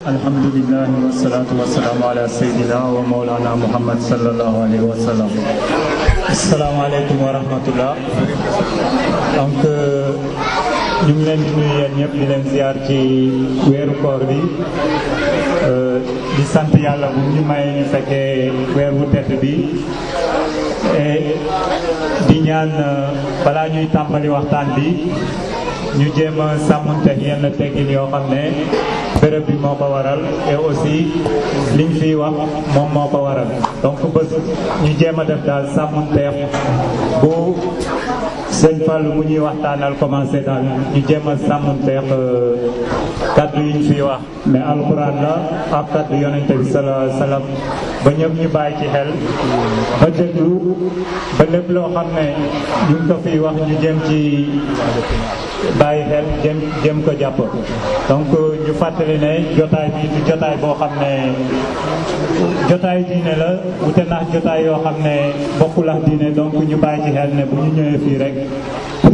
alhamdulilahi wasalaatu wasalaamu ala sayyidina wa mawlana muhammad sallallahu donc ñu ngi leen di nuyu ci weeru koor bi euh, di sant yàlla bu ñu mayee ñu fekkee weer wu tedd bi di ñaan euh, balaa ñuy waxtaan bi ñu jéem a sàmmonte yenn teggin yoo xam ne béréb bi moo ko waral et aussi liñ fiy wax moom moo ko waral donc ba ñu jéem a def daal sàmmonteef bu sëñ Fallou mu ñuy waxtaanal commencé daal ñu jéem a sàmmonteef euh, kaddu yi ñu fiy wax mais alxuraan la ak kaddu yonente bi salaa salaam ba ñëpp ñu bàyyi ci xel ba déglu ba lépp loo xam ne ñu ngi ko wax ñu jéem ci bàyyi xel jëm jëm ko jàpp donc ñu fàttali ne jotaay bi du jotaay boo xam ne jotaay diine la wute nax jotaay yoo xam ne bokkul ak diine donc ñu bàyyi ci xel ne bu ñu ñëwee fii rek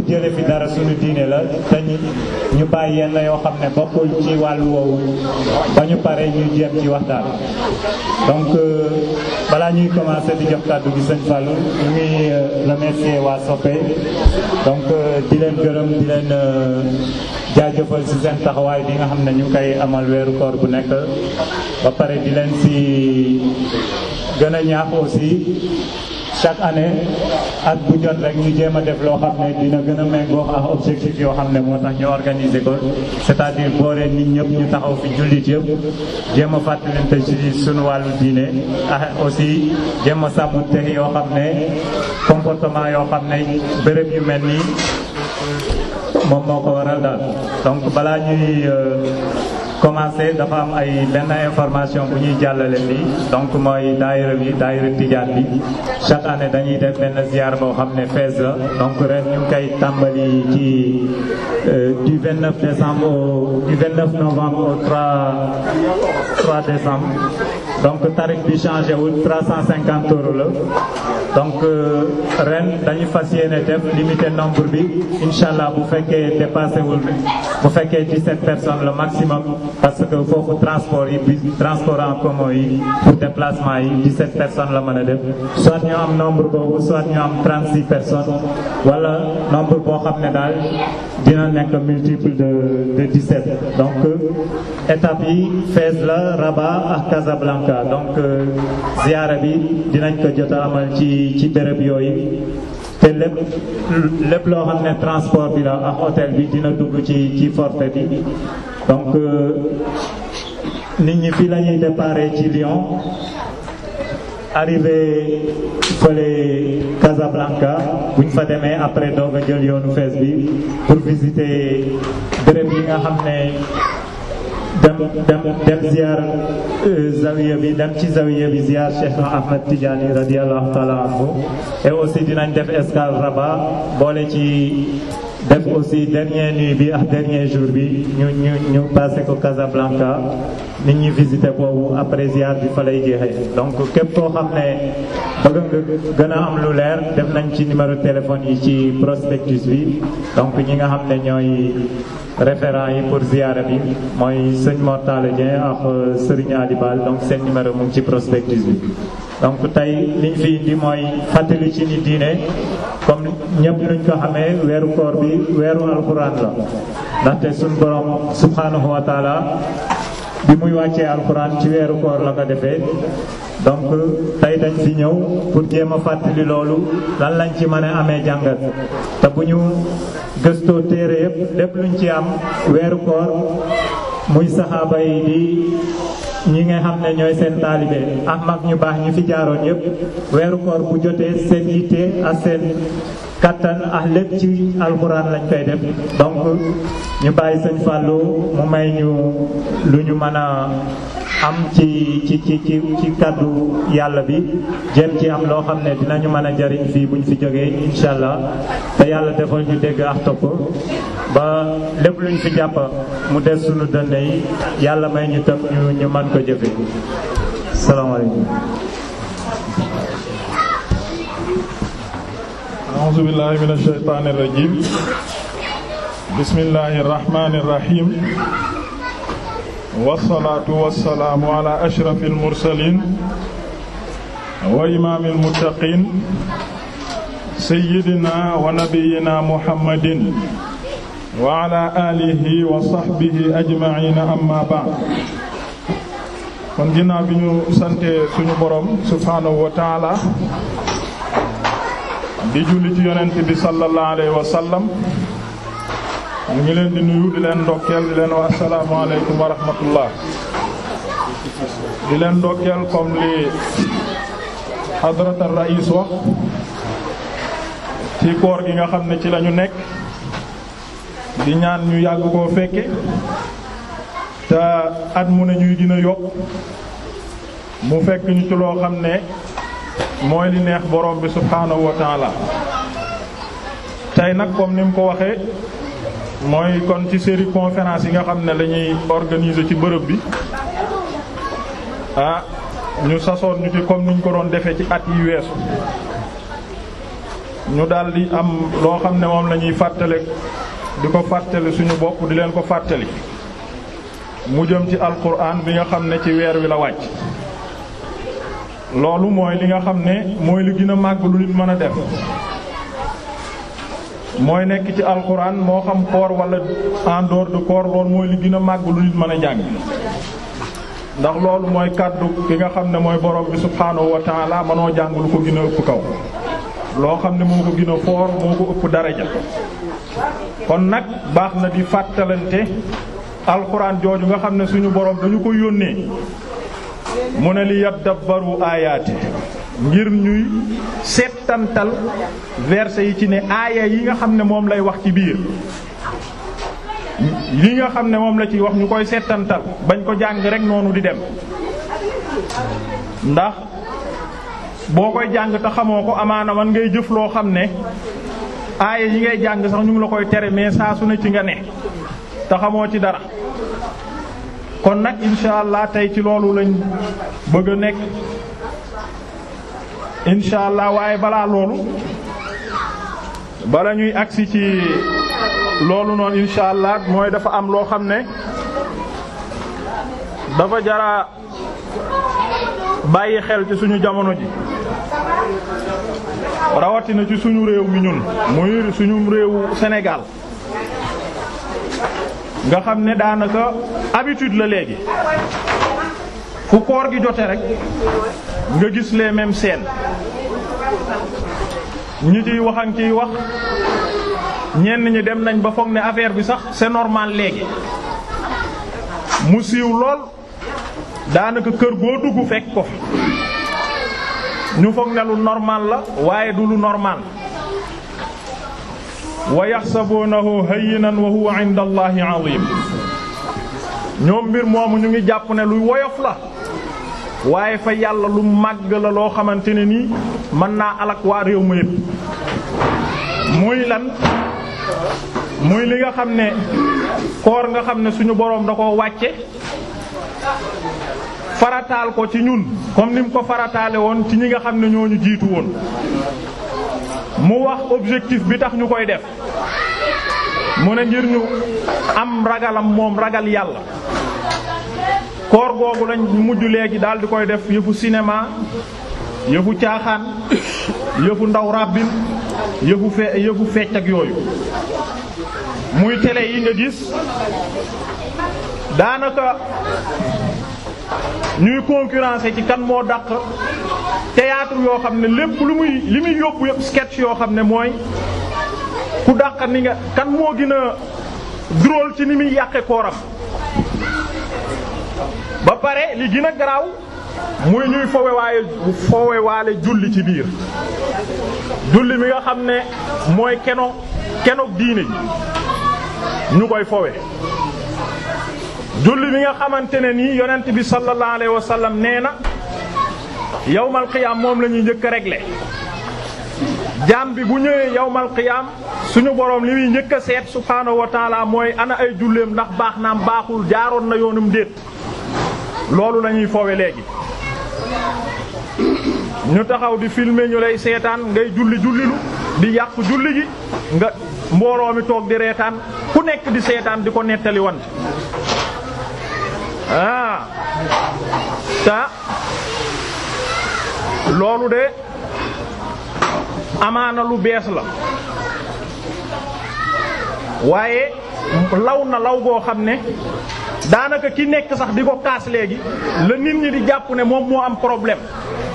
jële fi dara suñu diine la te ñu bàyyi yenn yoo xam ne bokkul ci wàllu woowu ba ñu pare ñu jéem ci waxtaan donc euh, balaa ñuy commencer di jox kàddu gi sëñ Fallou ñu ngi euh, waa Soppe donc euh, di leen gërëm di leen jaajëfal ci seen taxawaay bi nga xam ne ñu kay amal weeru koor bu nekk ba pare di leen ci gën a ñaax aussi chaque année ak bu jot rek ñu jéem a def loo xam ne dina gën a méngoo ak objectif yoo xam ne moo tax ñu organiser ko c'est-à-dire boole nit ñëpp ñu taxaw fi jullit yëpp jéem a fàttalante ci sunu wàllu diine ak ah, aussi jéem a sàmm te yoo xam ne comportement yoo xam ne béréb yu mel nii moom moo ko waral daal donc balaa ñuy euh, commencé dafa am ay benn information bu ñuy jàllale bi donc mooy daayira bi daayira tijaan bi chaque année dañuy def benn ziar boo xam ne fees la donc ren ñu ngi koy tàmbali ci euh, du 29 décembre au du 29 novembre au 3 décembre. donc tarif bi changé wul 350 euros la donc euh, ren dañu fas yéene def limité nombre bi incha allah bu fekkee dépassé wul bi bu fekkee 17 personnes le maximum parce que foofu transport yi bi transport en commun yi pour déplacement yi 17 personnes la mën a def soit ñu am nombre boobu soit ñu am 36 personnes wala nombre boo xam ne daal dina nekk multiple de de 17 donc étape yi la Rabat ak Casablanca. Makka donc euh, euh, ziyaara bi dinañ ko jot a ci ci béréb yooyu te lépp lépp loo xam ne transport bi la ak hôtel bi dina dugg ci ci forfait bi donc euh, nit ñi fii lañuy ñuy déparé ci Lyon arrivé fële Casablanca bu fa demee après doog a jël yoonu fees bi pour visiter béréb yi nga xam ne dem dem dem ziar euh, zawiya bi dem ci zawiya bi ziar Cheikh Ahmed Tidiane radiyallahu taala anhu et aussi dinañ def escale Rabat boole ci dem aussi dernier nuit bi ak dernier jour bi ñu ñu ñu passé ko Casablanca nit ñi visité boobu après ziar fa lay jeexee donc képp koo xam ne bëgg gën a am lu leer def nañ ci numéro téléphone yi ci prospectus bi donc ñi nga xam ne ñooy référent yi pour ziara bi mooy sëñ Mor Talla Dieng ak euh, Serigne Ali donc seen numéro moom ngi ci prospectus bi donc tey liñ fi indi mooy fàttali ci ni diine comme ñëpp nuñ ko xamee weeru koor bi weeru alxuraan la ndaxte suñ borom subhanahu wa taala bi muy wàccee alxuraan ci weeru koor la ko defee donc tey dañ fi ñëw pour jéem a fàttali loolu lan lañ ci mën a amee jàngat te bu ñu gëstoo téere yëpp lépp luñ ci am weeru koor muy saxaaba yi di ñi nga xam ne ñooy seen taalibe ak mag ñu baax ñi fi jaaroon yépp weeru koor bu jotee seen yitte ak seen kattan ak lépp ci alxuraan lañ koy def donc ñu bàyyi sëñ Fallou mu may ñu lu ñu mën a am ci ci ci kàddu yàlla bi jéem ci am loo xam ne dinañu mën a jariñ fii buñ fi jógee incha allah te yàlla defal ñu dégg ak topp ba lépp luñ fi jàpp mu des suñu dënne yi yàlla may ñu tëb ñu ñu mën ko jëfe salaamaaleykum a'uuzu billaahi mina shaytaani rajiim bismillaahi rahmaani rahiim wasalaatu wasalaamu ala ashraf almursalin wa imaam almuttaqiin sayyidina wa nabiyina muhammadin wa ala aalihi wa sahbihi ajmaciin amma ba'd kon ginnaaw bi ñu sante suñu borom subhaanahu wa taala di julli ci bi sallallahu alayhi wa sallam mu ngi leen di nuyu di leen ndokkeel di leen wax asalaamaaleykum wa rahmatullah di leen ndokkeel comme li hadrat ar rais wax ci koor gi nga xam ne ci lañu nekk di ñaan ñu yàgg koo fekke te at mu ne ñuy dina yokk mu fekk ñu ci loo xam ne mooy li neex borom bi subhaanahu wa taala tey nag comme ni mu ko waxee mooy kon ci série conférence yi nga xam ne lañuy organise ci bërëb bi ah ñu sasoon ñu ci comme niñ ko doon defee ci at yi weesu ñu daldi am loo xam ne moom lañuy fàttale di ko fàttali suñu bokk di leen ko fàttali mu jëm ci alquran bi nga xam ne ci weer wi la wàcc loolu mooy li nga xam ne mooy li gën màgg lu nit mën a def mooy nekk ci alxuraan moo xam koor wala en dehors de koor mooy li gina a màgg lu nit mën a jàng ndax loolu mooy kàddu ki nga xam ne mooy borom bi subhaanahu wa taala mënoo jàng lu ko gën a ëpp kaw loo xam ne moo ko gën a foor moo ko ëpp daraja kon nag baax na di fàttalante alxuraan jooju nga xam ne suñu borom dañu ko yónnee mu ne li yat yadabbaru aayaati ngir ñuy seetantal verset yi ci ne aaya yi nga xam ne moom lay wax ci biir li nga xam ne moom la ci wax ñu koy seetantal bañ ko jàng rek noonu di dem ndax boo koy jàng te xamoo ko amaana man ngay jëf loo xam ne aaya yi ngay jàng sax ñu ngi la koy tere mais saa su ne ci nga ne te xamoo ci dara kon nag insha tey ci loolu lañ bëgg a nekk insha allah waaye balaa loolu bala ñuy agsi ci loolu noonu insha allah mooy dafa am loo xam ne dafa jara bàyyi xel ci suñu jamono ji rawatina ci suñu réew mi ñun muy suñu réewu Sénégal nga xam ne daanaka habitude la léegi fu koor gi jote rek nga gis les mêmes seen ñu ciy waxan ciy wax ñenn ñi dem nañ ba foog ne affaire bi sax c'est normal mu siiw lool daanaka kër goo dugg fekk ko ñu foog ne lu normal la waaye du lu normal wa yaxsabunahu hayyinan wa huwa inda allahi ñoom mbir moomu ñu ngi jàpp ne lu woyof la waaye fa yàlla lu màgg la loo xamante ne nii mën naa alak waa réew ma yépp muy lan muy li nga xam ne koor nga xam ne suñu boroom da ko wàcce farataal ko ci ñun comme ni mu ko farataale woon ci ñi nga xam ne ñooñu jiitu woon mu wax objectif bi tax ñu koy def mu ne ngir ñu am ragalam moom ragal yàlla koor googu lañ mujj léegi daal di koy def yëfu cinéma yëfu caaxaan yëfu ndaw ràbbin yëfu fe yëfu fecc ak yooyu muy télé yi nga gis daanaka ñuy concurrencer ci kan moo dàq théâtre yoo xam ne lépp lu muy li muy yóbbu sketch yoo xam ne mooy ku dàq ni nga kan moo gën a drôle ci ni muy yàqe kooram ba pare li gën a garaaw muy ñuy fowe waaye fowe waale julli ci biir julli mi nga xam ne mooy keno kenoog diine ñu koy fowe julli mi nga xamante ne nii yonent bi sallallahu alayhi wa nee na yawmal qiyaam moom lañuy ñuy njëkk a régler jaam bi bu ñëwee yawmal qiyaam suñu borom li muy njëkk a seet subhaanahu wa taala mooy ana ay julleem ndax baax naam baaxul jaaroon na yoonum déet loolu lañuy ñuy foowe léegi ñu taxaw di filmer ñu lay seetaan ngay julli jullilu di yàqu julli gi nga mbooloo mi toog di reetaan ku nekk di seetaan di ko nettali wante ah ta loolu de amaana lu bees la waaye law na law goo xam ne daanaka ki nekk sax di ko kaas léegi la nit ñi di jàpp ne moom moo am problème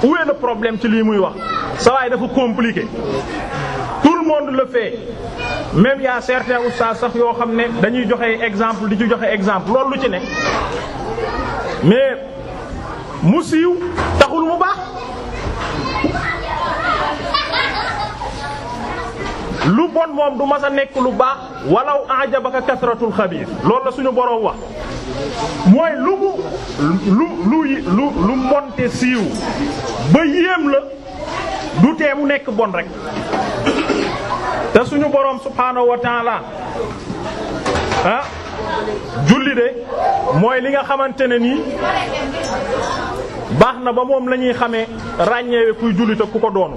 où est le problème ci lii muy wax sa waay dafa compliqué tout le monde le fait même y'a certains oustaz sax yoo xam ne dañuy joxe exemple di ci joxe exemple loolu lu ci ne mais mu siiw taxul mu baax lu bon moom du mas a nekk lu baax walaw ajabaka kasratul xabiis loolu la suñu boroom wax mooy lu mu lu lu lu lu monte siiw ba yéem la du tee mu nekk bon rek te suñu boroom subhaanahu wa taala julli de mooy li nga xamante ne nii baax na ba moom la ñuy xamee ràññeewe kuy ku ko doon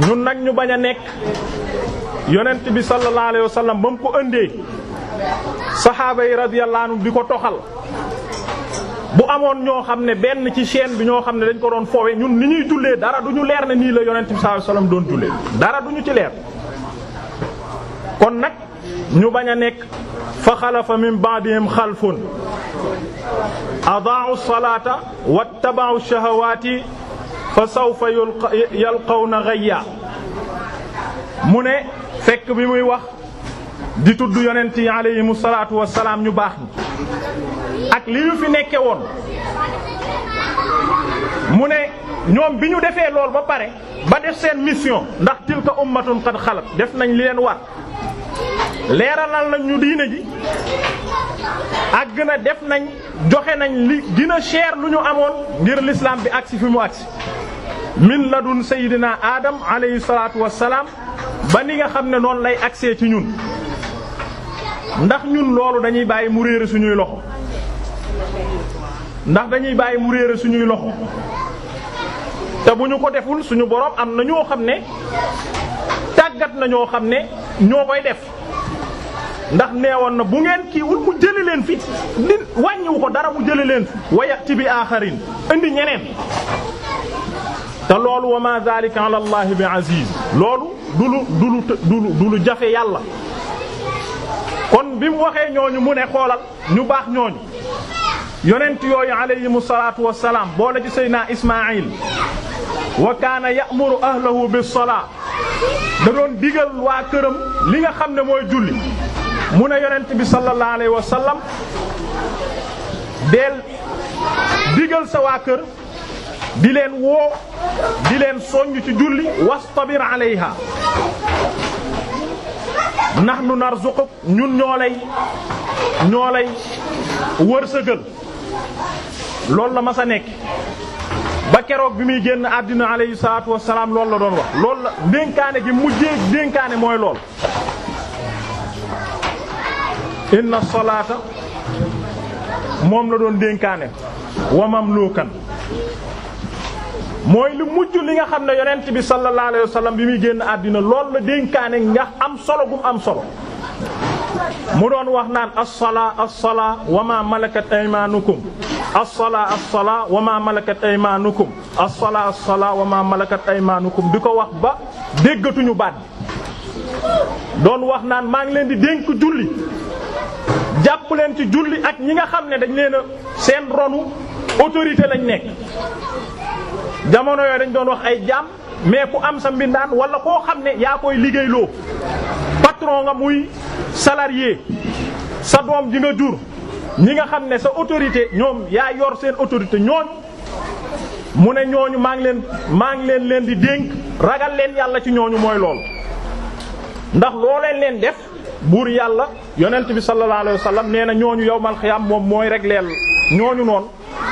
ñun nag ñu bañ a nekk yonent bi sallallahu alayhi wasallam ba mu ko ëndee saxaaba yi radiyallahu bi ko toxal bu amoon ñoo xam ne benn ci chaîne bi ñoo xam ne dañ ko doon foowe ñun ni ñuy jullee dara duñu leer ne nii la yonent bi sallallahu alayhi wasallam doon jullee dara du ci leer kon nag ñu bañ a nekk fa xalafa min ba'dihim xalfun adaa'u salaata wattaba'u shahawaati fa sawfa na ghayya mu ne fekk bi muy wax di tudd yonent yi alayhimu salaatu wassalaam ñu baax ni ak li ñu fi nekke woon mu ne ñoom bi ñu defee lool ba pare ba def seen mission ndax tilka ummatun qad def nañ li leen war leeralal nañ ñu diine ji àgg na def nañ joxe nañ li gën a cher lu ñu amoon ngir l'islam bi agsi fi mu agsi min ladun sayidina adam alayhi salaatu wassalaam ba ni nga xam ne noonu lay agsee ci ñun ndax ñun loolu dañuy bàyyi mu réere suñuy loxo ndax dañuy bàyyi mu réere suñuy loxo te bu ñu ko deful suñu boroom am na ñoo xam ne tàggat na ñoo xam ne ñoo koy def ndax neewoon na bu ngeen kiiwul mu jëli leen fi di wàññiwu ko dara mu jëli leen fi wayati bi aaxarin indi ñeneen te loolu wa ma zalika allah bi aziz loolu du lu jafe yàlla kon bi mu waxee ñooñu mu ne xoolal ñu baax ñooñu yonent yooyu alayhimu salaatu wassalaam boole ci seydina ismaayil wa kaana ya'muru ahlahu bis salaa da doon digal waa këram li nga xam ne mooy julli mu ne yonent bi sallallahu alayhi wa sallam deel sa waa kër di leen woo di leen soññ ci julli wastabir alayha nahnu narzuquk ñun ñoo lay ñoo lay wërsëgal loolu la ma sa nekk ba keroog bi muy génn àddina alayhi salaatu salaam loolu la doon wax loolu la dénkaane gi mujjee dénkaane mooy lool inna salaata moom la doon dénkaane wa mamlukan mooy lu mujj li nga xam ne yonent bi sallallahu alayhi wa sallam bi muy génn àddina lool la dénkaane nga am solo gum am solo mu doon wax naan as-salaa as-salaa wa ma malakat aymaanukum as-salaa as-salaa wa ma malakat aymaanukum as-salaa as-salaa wa ma malakat di ko wax ba déggatuñu baat doon wax naan maa ngi leen di dénk julli jàpp ci julli ak ñi nga xam ne dañ leen a seen ronu autorité lañ nekk jamono yooyu dañ doon wax ay jaam mais ku am sa mbindaan wala koo xam ne yaa koy liggéeyloo patron nga muy salarié sa doom ji nga jur ñi nga xam ne sa autorité ñoom yaa yor seen autorité ñooñu mu ne ñooñu maa ngi leen maa ngi leen leen di dénk ragal leen yàlla ci ñooñu mooy lool ndax loo leen leen def buur yàlla yonent bi sallallahu alayhi wasallam nee na ñooñu yowmal xiyaam moom mooy rek leel ñooñu noon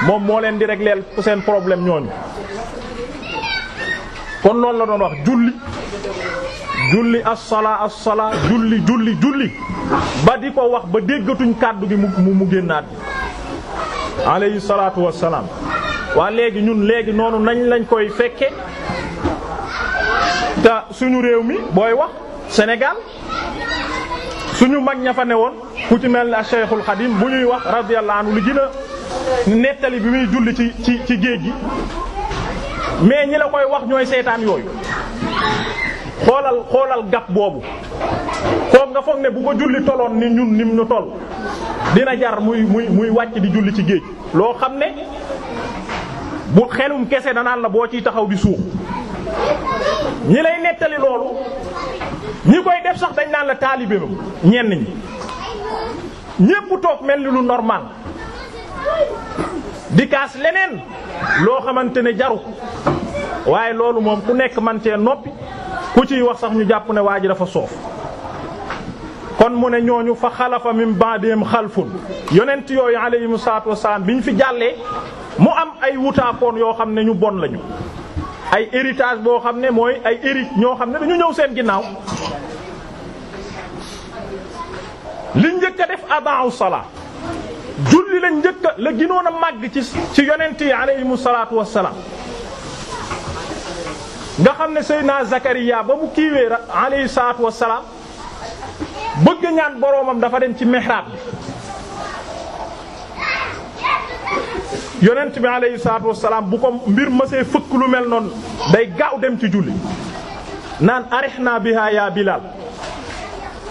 moom moo leen di régler seen problème ñooñu kon loolu la doon wax julli julli as-salaa as-salaa julli julli julli ba di ko wax ba déggatuñu kàddu gi mu mu génnaat bi alayhi salaatu wassalaam waa léegi ñun léegi noonu nañ lañ koy fekke te suñu réew mi booy wax Sénégal suñu mag ña fa ne woon ku ci mel ni Cheikhul Khadim bu ñuy wax radiyallahu anhu li gën nettali bi muy julli ci ci géej gi mais ñi la koy wax ñooy seytaan yooyu xoolal xoolal gap boobu kook nga foog ne bu ko julli toloon ni ñun nim ñu tol dina jar muy muy muy wàcc di julli ci géej loo xam ne bu xelum kese naan la boo ciy taxaw di suux ñi lay nettali loolu ñi koy def sax dañ naan la taalibe ñenn ñi ñépp toog mel ni lu normal dikaas leneen loo xamante ne jaru waaye loolu moom ku nekk man noppi ku ciy wax sax ñu jàpp ne waa ji dafa soof kon mu ne ñooñu fa xalafa min ba'dihim xalfun yonent yooyu alayhimu salaatu wassalaam bi ñu fi jàllee mu am ay wutaakoon yoo xam ne ñu bon lañu ay héritage boo xam ne mooy ay hérite ñoo xam ne dañu ñëw seen ginnaaw li njëkk a def aba'u salaa yooyu la njëkk a la ginoon màgg ci ci yonent yi aleyhimu salaatu nga xam ne Seydina Zakariya ba mu kiiwee ra aleyhi salaatu wassalaam bëgg ñaan boroomam dafa dem ci mihrab bi yonent bi aleyhi salaatu wassalaam bu ko mbir mësee fëkk lu mel noon day gaaw dem ci julli naan arihna biha ya Bilal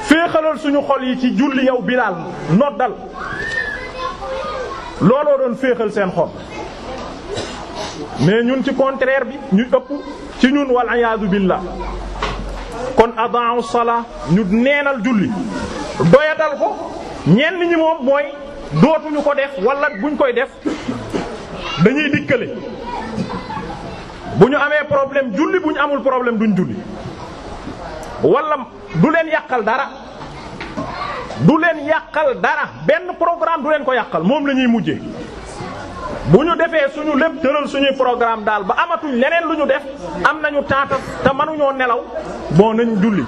féexalal suñu xol yi ci julli yow Bilal noddal looloo doon féexal seen xol mais ñun ci contraire bi ñu ëpp ci ñun wal ayaadu billah kon adaa'u salaa ñu neenal julli doyadal ko ñenn ñi moom mooy dootuñu ko def walla buñ koy def dañuy dikkale bu ñu amee problème julli bu ñu amul problème duñ julli wala du leen yàqal dara du leen yàqal dara benn programme du leen ko yàqal moom lañuy mujje bu ñu defee suñu lépp tëral suñuy programme daal ba amatuñ leneen lu ñu def am nañu taata te nelaw bon nañ julli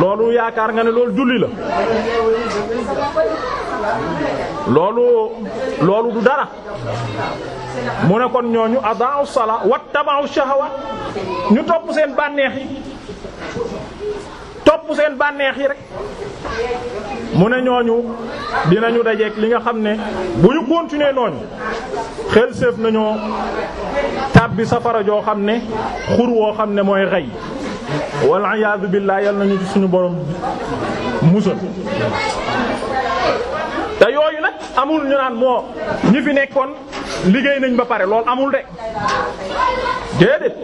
loolu yaakaar nga ne loolu julli la loolu loolu du dara mu ne kon ñooñu adaa'u salaa wattaba'u shahawaat ñu topp seen bànneex yi topp seen bànneex yi rek mu ne ñooñu dinañu dajeek li nga xam ne bu ñu continuer nooñu xel séef nañoo tàbbi safara joo xam ne xur woo xam ne mooy rey wal iyaatu billaah nañu ci suñu borom musal te yooyu nag amul ñu naan moo ñi fi nekkoon liggéey nañ ba pare lool amul de déedéet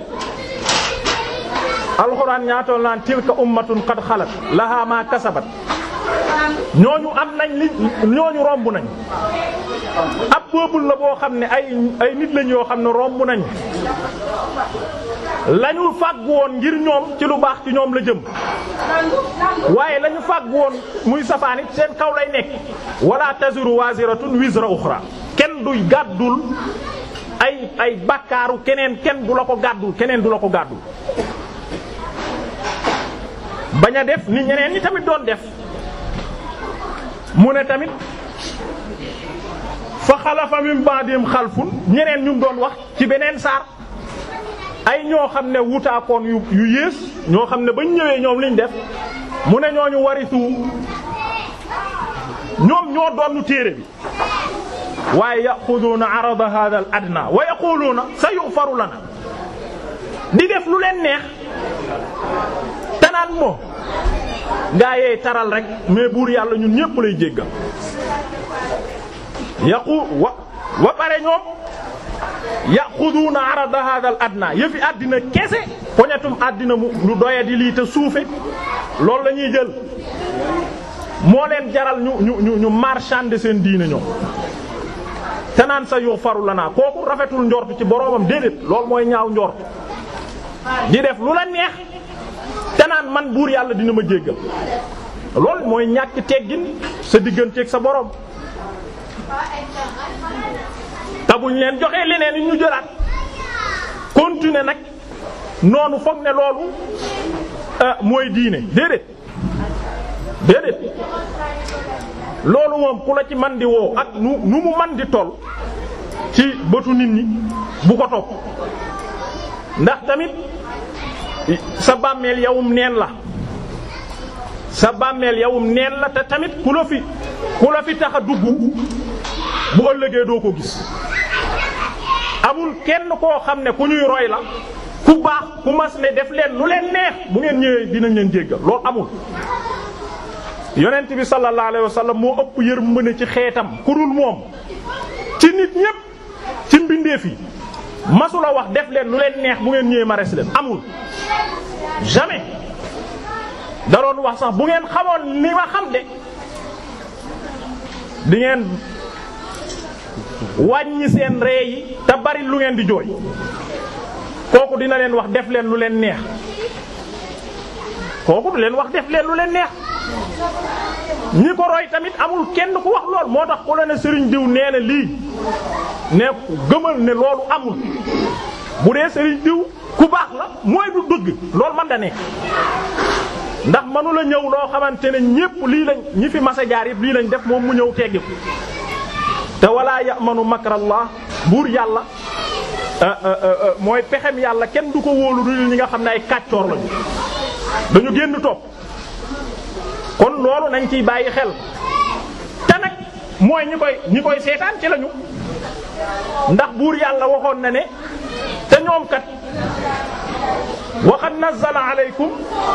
alxuraan ñaatool naan tilka ummatun qad xalat laha ma kasabat ñooñu am nañ li ñooñu romb nañ ab peuple la boo xam ne ay ay nit lañ yoo xam ne romb nañ lañu fàgg woon ngir ñoom ci lu baax ci ñoom la jëm waaye lañu fàgg woon muy safaan seen kaw lay nekk wala taziru waziratun wizra uxra kenn du gàddul ay ay bakkaaru keneen kenn du la ko gàddul keneen du la ko gàddul bañ a def ni ñeneen ñi tamit doon def mu ne tamit fa xalafa min ba'dihim xalfun ñeneen ñu doon wax ci beneen saar ay ñoo xam ne wutaakoon yu yées ñoo xam ne bañ ñëwee ñoom liñ def mu ne ñooñu warisu ñoom ñoo doonu téere bi waaye yaxuduuna arada hada al adna wa yaquluuna sa yughfaru lana di def lu leen neex naan moo gaa yee taral rek mais buur yàlla ñun ñépp lay jéggal yaqu wa wa pare ñoom yaquduuna arada hada al adna yëfi àddina kese poñatum àddina mu lu doya di lii te suufe loolu lañuy jël moo leen jaral ñu ñu ñu ñu marchander seen diine ñoom te naan sa yughfaru lana kooku rafetul njort ci boroomam déedéet loolu mooy ñaaw njort di def lu la neex te naan man buur yàlla dina ma jéggal loolu mooy ñàkk teggin sa digganteeg sa borom te buñ leen joxee leneen yi ñu jolaat continuer nag noonu foog ne loolu euh, mooy diine déedéet déedéet loolu moom ku la ci man di woo ak nu nu mu man di toll ci bëtu nit ñi bu ko topp ndax tamit sa bàmmeel yawum neen la sa bàmmeel yawum neen la te tamit ku la fi ku la fi tax a dugg bu ëllëgee doo ko gis amul kenn koo xam ne ku ñuy roy la ku baax ku mas ne def leen lu leen neex bu ngeen ñëwee dinañ leen jéggal loolu amul yonent bi sallallahu alayhi wasallam moo ëpp yërmande ci xeetam ku dul moom ci nit ñépp ci mbindeef yi masula wax def leen lu leen neex bu ngeen ñëwee ma res leen amul jamais da wax sax bu ngeen xamoon ni ma xam de dingeen ngeen wàññi seen ree yi te bari lu ngeen di jooy kooku dina leen wax def leen lu leen neex kooku du leen wax def leen lu leen neex ñi ko roy tamit amul kenn ku wax lool moo tax ku la ne Serigne diw nee na lii ne gëmal ne loolu amul bu dee Serigne diw ku baax la mooy du dëgg loolu man da ne ndax manu ñëw loo xamante ne ñépp lii lañ ñi fi masa jaar yépp lii lañ def moom mu ñëw teggi ko te walaa ya'manu makrallah buur yàlla euh, euh, euh, mooy pexem yàlla kenn du ko wóolu dul ñi nga xam ne ay kàccoor lañu dañu génn topp kon loolu nañ ci bàyyi xel te nag mooy ñi koy ñi koy seetaan ci lañu ndax buur yàlla waxoon na ne te ñoom kat waxad nazzala aleykum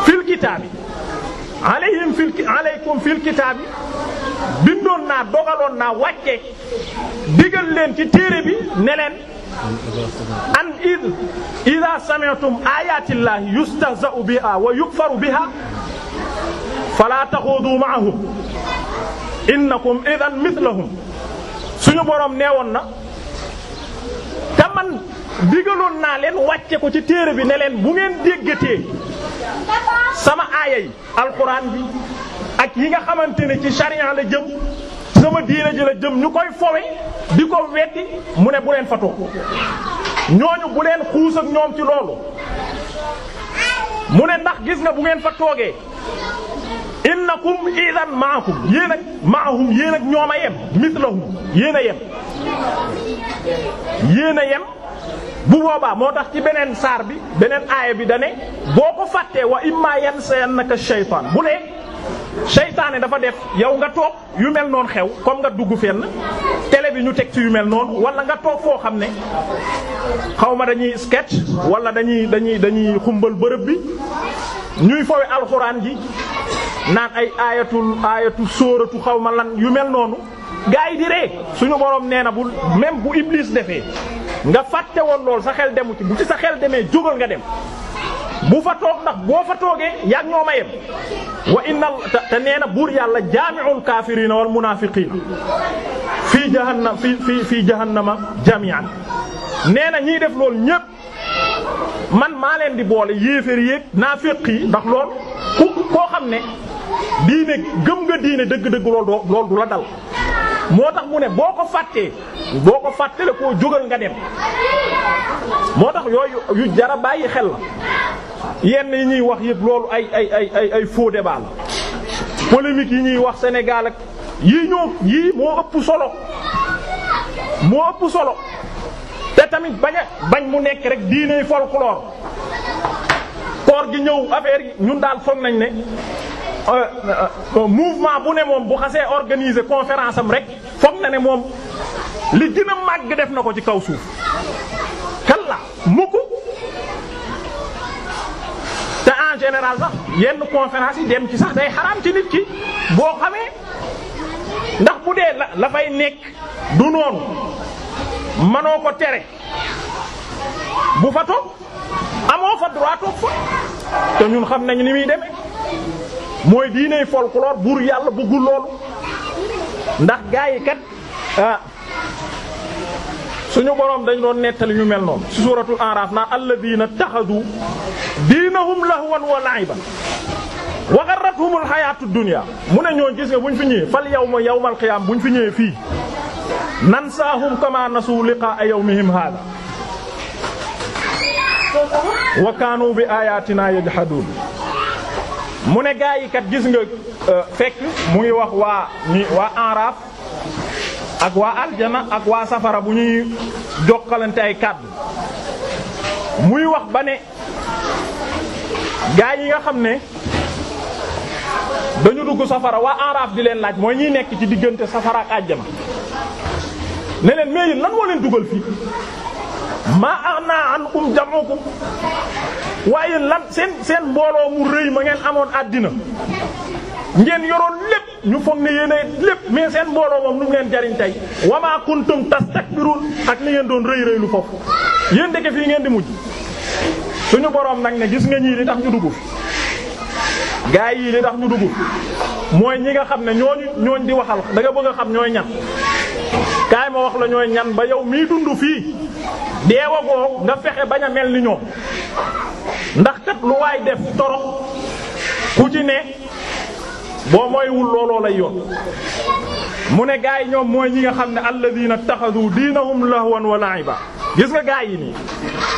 fil kitaabi alayhim fil aleykum fil kitaabi bindoon naa dogaloon naa wàcce digal leen ci téere bi ne leen an id ida sami'tum ayatillahi yustahza'u biha wa yukfaru biha fala taxuudu ma'ahum innakum idan mithlahum suñu boroom nee woon na te man digaloon naa leen wàcce ko ci téere bi ne leen bu ngeen déggatee sama aaya alxuraan bi ak yi nga xamante ne ci sharia la jëm sama diina ji la jëm ñu koy fowe di ko wetti mu ne bu leen fatoo ñooñu bu leen xuus ñoom ci loolu mu ne ndax gis nga bu ngeen fa toogee innakum idan maakum yéen ak maahum yéen ak ñoom a yem mislahum yéen a yem yéen a yem bu boobaa moo tax ci beneen saar bi beneen aaya bi dane boo ko fàttee wa imma yansayannaka shaytaan bu lee seytaane dafa def yow nga toog yu mel noonu xew comme nga dugg fenn télé bi ñu teg ci yu mel noonu wala nga toog foo xam ne xawma dañuy sketch wala dañuy dañuy dañuy xumbal bërëb bi ñuy fowe alxuraan ji naan ay aayatul aayatu sóoratu xaw ma lan yu mel noonu gaa yi di ree suñu borom nee na bu même bu iblis defee nga fàtte woon lool sa xel demu ci bu ci sa xel demee jógal nga dem bu fa toog ndax boo fa toogee yaag ñoo ma yem wa inna te nee na buur yàlla jaami'ul kaafiriina wal munaafiqiina fii jahannam fii fii fii jahannama jami'an nee na ñiy def loolu ñépp man maa leen di boole yéeféer yéeg naafiq yi ndax lool ku koo xam ne diine gëm nga diine dëgg-dëgg lool doo lool du la dal moo tax mu ne boo ko fàttee boo ko fàttee koo jógal nga dem moo tax yooyu yu jara bàyyi xel la yenn yi ñuy wax yëpp loolu ay ay ay ay ay faux débat yi ñuy wax Sénégal ak yii ñoo yii moo ëpp solo moo ëpp solo te tamit bañ bañ mu nekk rek diiney folklore koor gi ñëw affaire yi ñun daal foog nañ ne euh, euh, mouvement bu ne moom bu xasee organiser conférence am rek foog na ne moom li dina a màgg def na ko ci kaw suuf la mukk te en général sax yenn conférence yi dem ci sax day xaraam ci nit ki boo xamee ndax bu dee la la fay nekk du noonu manoo ko tere bu fa toog amoo fa droit fa te ñun xam nañ ni muy demee mooy diiney folklore buur yàlla bëggul loolu ndax gaa kat ah suñu boroom dañ doon nettali ñu mel noonu ci suuratul Araf na alladina taxadu diinahum lahwan wa la'iban wa gharratuhumul hayatud dunya mu ne ñoo gis nga buñ fi ñëwee fal yawma yawmal qiyaam buñ fi ñëwee fii nansaahum kama nasu liqaa'a yawmihim haada wa kaanu bi ayatina yajhadun mu ne gaa yi kat gis nga euh, fekk mu ngi wax waa ñi waa Araf ak waa aljana ak waa safara bu ñuy jokkalante ay kàddu muy wax ba ne gaa yi nga xam ne dañu dugg safara waa Araf di leen laaj mooy ñuy nekk ci diggante safara ak ne leen mais yéen lan moo leen dugal fii maa aghna ankum jam'ukum waaye lan seen seen mbooloo mu rëy ma ngeen amoon àddina ngeen yoroon lépp ñu foog ne yéen lépp mais seen mbooloo moom lu mu leen jariñ tey wa maa kuntum tastakbirun ak li ngeen doon rëy rëy lu foofu yéen fii ngeen di mujj suñu boroom nag ne gis nga ñii li tax ñu dugg gaa yii li tax ñu dugg mooy ñi nga xam ne ñooñu ñooñ di waxal da bëgg a xam ñooy ñan kaay ma wax la ñooy ñan ba yow mii dund fii deewagoo nga fexe bañ a mel ni ñoom ndax kat lu waay def torox ku ci ne boo mooywul looloo lay yoon mu ne gaa yi ñoom mooy ñi nga xam ne alladina taxadu diinahum lahwan wa la'iba gis nga gaa yi nii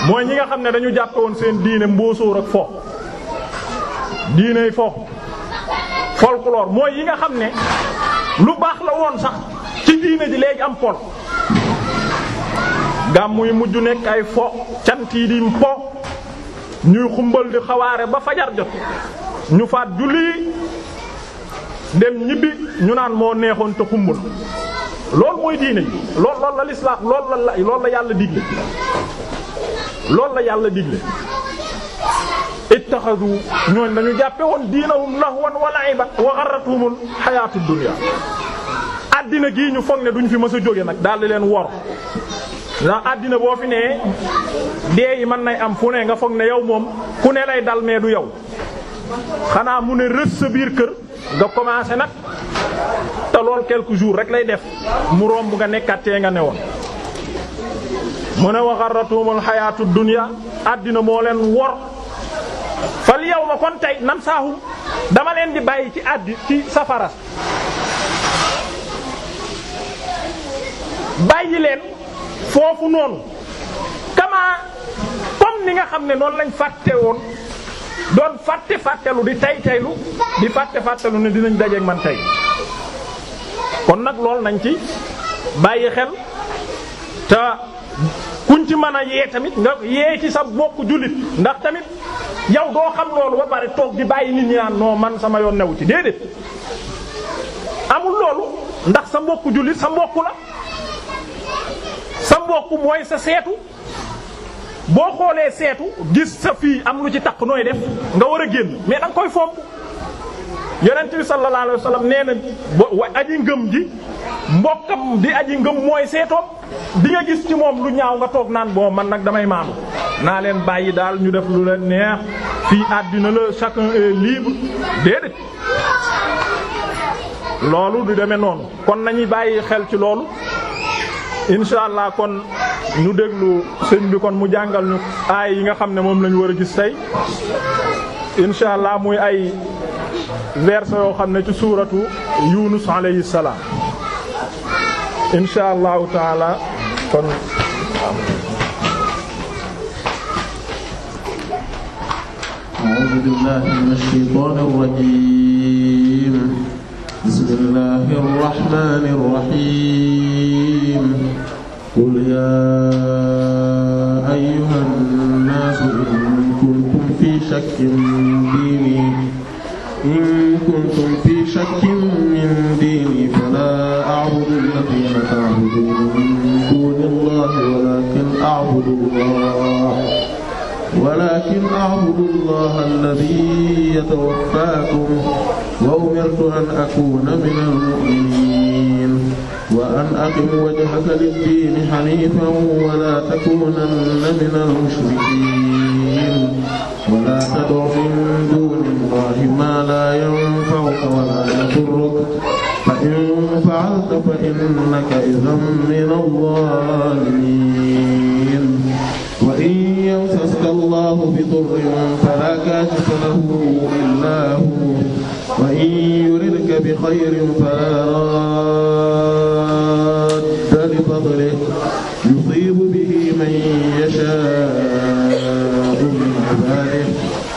mooy ñi nga xam ne dañu jàppe woon seen diine mbóosóor ak fo diiney fo folklore mooy yi nga xam ne lu baax la woon sax ci diine ji léegi am fol gàmmu yi mujj nekk ay fo cant yi di po ñuy xumbal di xawaare ba fajar jot ñu faat julli dem ñibbi ñu naan moo neexoon te xumbal loolu mooy diine ji lool lool la lislaam lool la lool yàlla digle lool la yàlla digle ittaxadu ñooñ dañu jàppe woon diinahum lahwan wa la'iban wa gharratuhumul hayatud dunya àddina gii ñu foog ne duñ fi mësa jóge nag daldi leen wor ndax àddina boo fi nee dee yi mën nay am fu ne nga foog ne yow moom ku ne lay dal mais du yow xanaa mu ne rës sa biir kër nga commencé nag te lool quelques jours rek lay def mu romb nga nekkatee nga ne woon mu ne waxaratumul xayaatu dunya àddina moo leen wor fal yow ma kon tey nam saahum dama leen di bàyyi ci àddi ci safara bàyyi leen. foofu noonu kamaa comme ni nga xam ne noonu lañ fàtte woon doon fàtte fàttelu di tay taylu di fàtte fàttelu ne dinañ dajeek man tey kon nag loolu nañ ci bàyyi xel te kuñ ci mën a yee tamit nga yee ci sa bokk jullit ndax tamit yow doo xam loolu ba pare toog di bàyyi nit ñi naan non man sama yoon newu ci déedéet amul loolu ndax sa mbokku jullit sa mbokku la sa mbokk mooy sa seetu boo xoolee seetu gis sa fii am lu ci takk nooy def nga war a génn mais da nga koy fomp yonent bi sallallahu wa sallam nee na wa aji ngëm ji mbokkam bi aji ngëm mooy seetoom bi nga gis ci moom lu ñaaw nga toog naan boo man nag damay maandu naa leen bàyyi daal ñu def lu leen neex fii àddina la chacun est libre déedéet loolu du demee noonu kon nañu bàyyi xel ci loolu incha allah kon ñu déglu sëñ bi kon mu jàngal ñu aay yi nga xam ne moom lañu war a gis tey incha muy ay verset yoo xam ne ci suuratu yunus alayhi salaam taala kon أعوذ qul yaa ayyuhan naasu in kuntum fii shakkin diinii in kuntum fii shakkin min diinii falaa a'budu allaziina ta'buduuna min duuni llaahi walaakin a'budu llaaha ولكن أعبد الله الذي يتوفاكم وأمرت أن أكون من المؤمنين wa an aqim wajhaka lid-diini haniifan wa laa takuunanna minal mushrikiin wa laa tad'u min duuni llaahi maa laa yanfa'uka wa laa yadurruka fa in fa'alta fa innaka idhan mina zzaalimiin wa in yamsaska llaahu bidurrin falaa kaashifa lahu illaa huwa wa in yuridka bixayrin falaa raadiya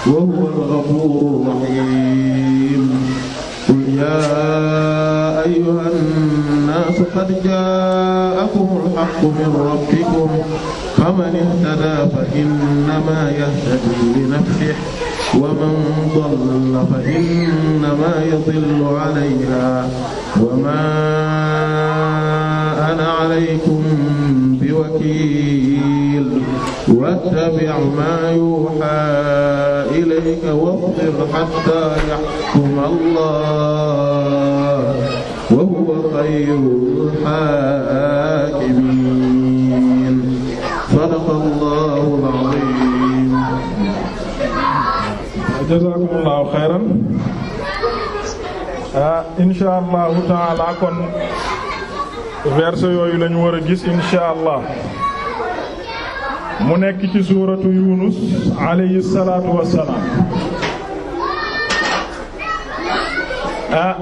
وهو الغفور الرحيم قل يا أيها الناس قد جاءكم الحق من ربكم فمن اهتدى فإنما يهتدي لنفسه ومن ضل فإنما يضل عليها وما أنا عليكم بوكيل واتبع ما يوحى إليك واصبر حتى يحكم الله وهو خير الحاكمين صدق الله العظيم جزاكم الله خيرا ah incha allahu taala kon verset yooyu la ñu war a gis incha allah mu nekk ci suuratu yunus alayhi salaatu wassalaam ah,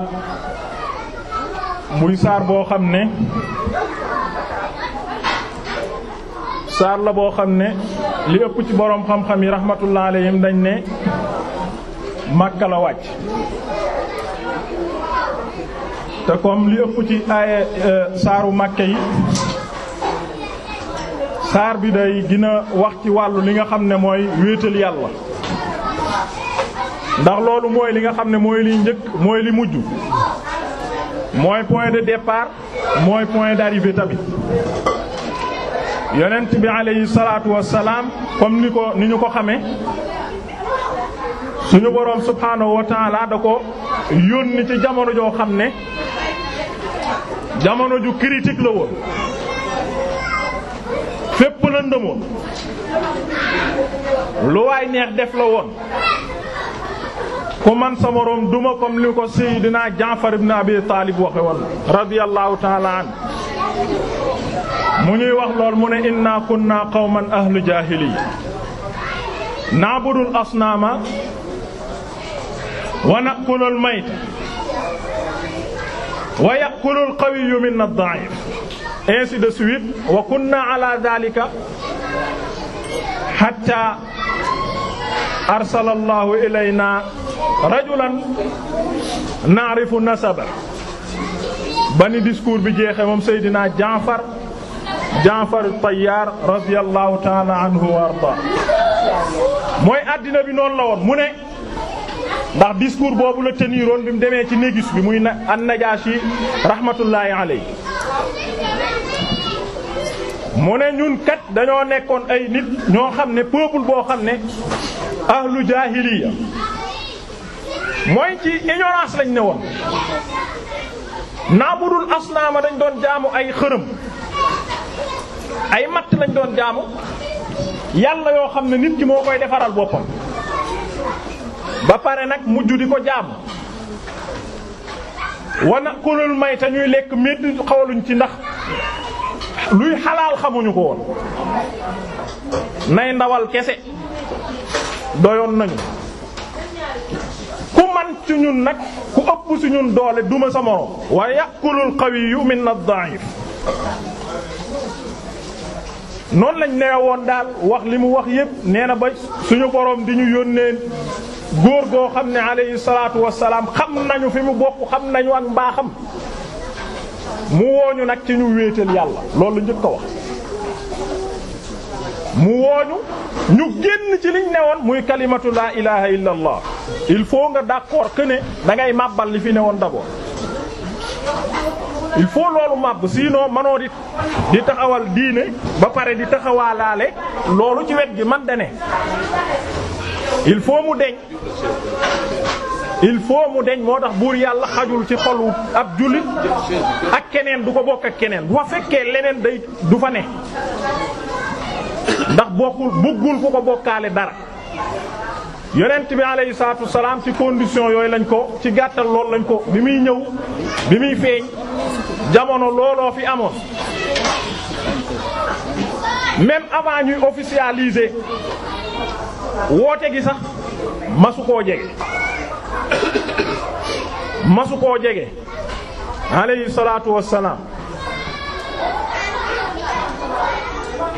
muy saar boo xam ne saar la boo xam ne li ëpp ci boroom xam-xam yi rahmatullah alayhim dañ ne Makka la wàcc te comme li ëpp ci ay eh, saaru Makka yi saar bi day dina wax ci wàllu li nga xam ne mooy wéetal yàlla ndax loolu mooy li nga xam ne mooy li njëkk mooy li mujj mooy point de départ mooy point d'arrivée tamit yonent bi alayhi salaatu wassalaam comme ni ko ni ñu ko xamee suñu boroom subhaanahu wa ta'ala ko yónni ci jamono joo xam ne jamono ju critique la woon lëndëmoon lu waay neex def la woon ku man sa moroom duma comme li ko Seydina Jaafar ibn Abi Taalib waxe woon radiyallahu ta'ala an mu ñuy wax lool mu ne inna kunna qawman ahlu jaahiliyya na'budul asnaama wa na'kulul mayta wa ya'kulul qawiyyu minna ad-da'if ainsi de suite wa kunna ala dhalika hatta arsala ilayna rajulan na'rifu nasaba ba ni bi jeexe moom Seydina Jaafar Jaafar Tayyar radiyallahu ta'ala anhu wa arda mooy addina bi noonu la woon mu ne ndax discours boobu la teniroon bi mu demee ci négus bi muy an rahmatullahi alayhi mu ne ñun kat dañoo nekkoon ay nit ñoo xam ne peuple boo xam ne ahlu jaahiliya mooy ci ignorance lañ ne woon naabudul asnaama dañ doon jaamu ay xërëm ay matt lañ doon jaamu yàlla yoo xam ne nit ki moo koy defaral boppam ba pare nag mujj di ko jaamu wana kulul may te ñuy lekk médd xawaluñ ci ndax luy xalaal xamuñu ko nay ndawal kese doyoon nañu ku man ci ñun nag ku ëpp ci ñun doole duma sa moroom wa yaqulul qawiyyu min ad-da'if noonu lañ nee daal wax li mu wax yépp nee na ba suñu borom di ñu yónnee góor goo xam ne alayhi salaatu wassalaam xam nañu fi mu bokk xam nañu ak mbaaxam mu wooñu nag ci ñu wéetal yàlla loolu la njëkk wax mu wooñu ñu génn ci liñ newoon muy kalimatu laa ilaha illa allah il faut nga d'accord que ne da màbbal li fi woon d'abord il faut loolu màbb sinon manoo di taxawal diine ba pare di taxawalaale loolu ci wet gi man dane ne il faut mu deñ il faut mu deñ moo tax buur yàlla xajul ci xolu ak jullit ak keneen du ko bokk ak keneen bu fa fekkee leneen day du fa ne ndax bokkul buggul ku ko bokkaale dara yonent bi alayhi salaatu salaam ci condition yooyu lañ ko ci gàttal loolu lañ ko bi muy ñëw bi muy feeñ jamono looloo fi amoon même avant ñuy officialiser woote gi sax masu koo jege masukoo jege alayhi salaatu wassalaam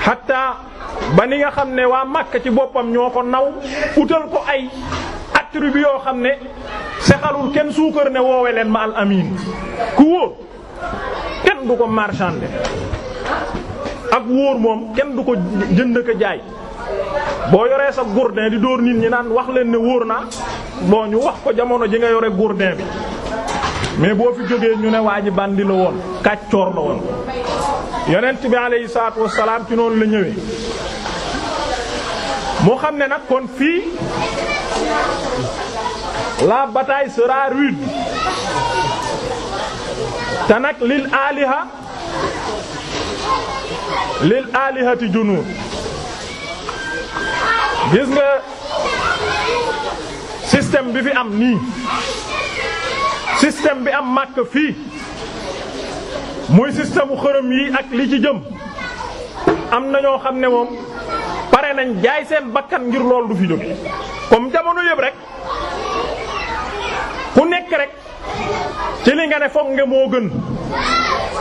hatta ba ni nga xam ne waa Makka ci boppam ñoo ko naw utal ko ay attribut yoo xam ne sexalul kenn suukar ne woowe leen ma al amin ku wóor kenn du ko marchander ak wóor moom kenn du ko jënd ko jaay boo yoree sa gourdin di dóor nit ñi naan wax leen ne wóor na boo ñu wax ko jamono ji nga yore gourdin bi mais boo fi jógee ñu ne waa ji bandi la woon kàccoor la woon yonent bi alayhi salaatu wassalaam ci noonu la ñëwee moo xam ne nag kon fii la bataille sera rude te nag lil aliha lil alihati junuud gis nga système bi fi am nii système bi am màkk fii muy système u xërëm yi ak li ci jëm am na ñoo xam ne moom pare nañ jaay seen bakkan ngir lool du fi jóge comme jamono yëpp rek ku nekk rek ci li nga ne foog nga moo gën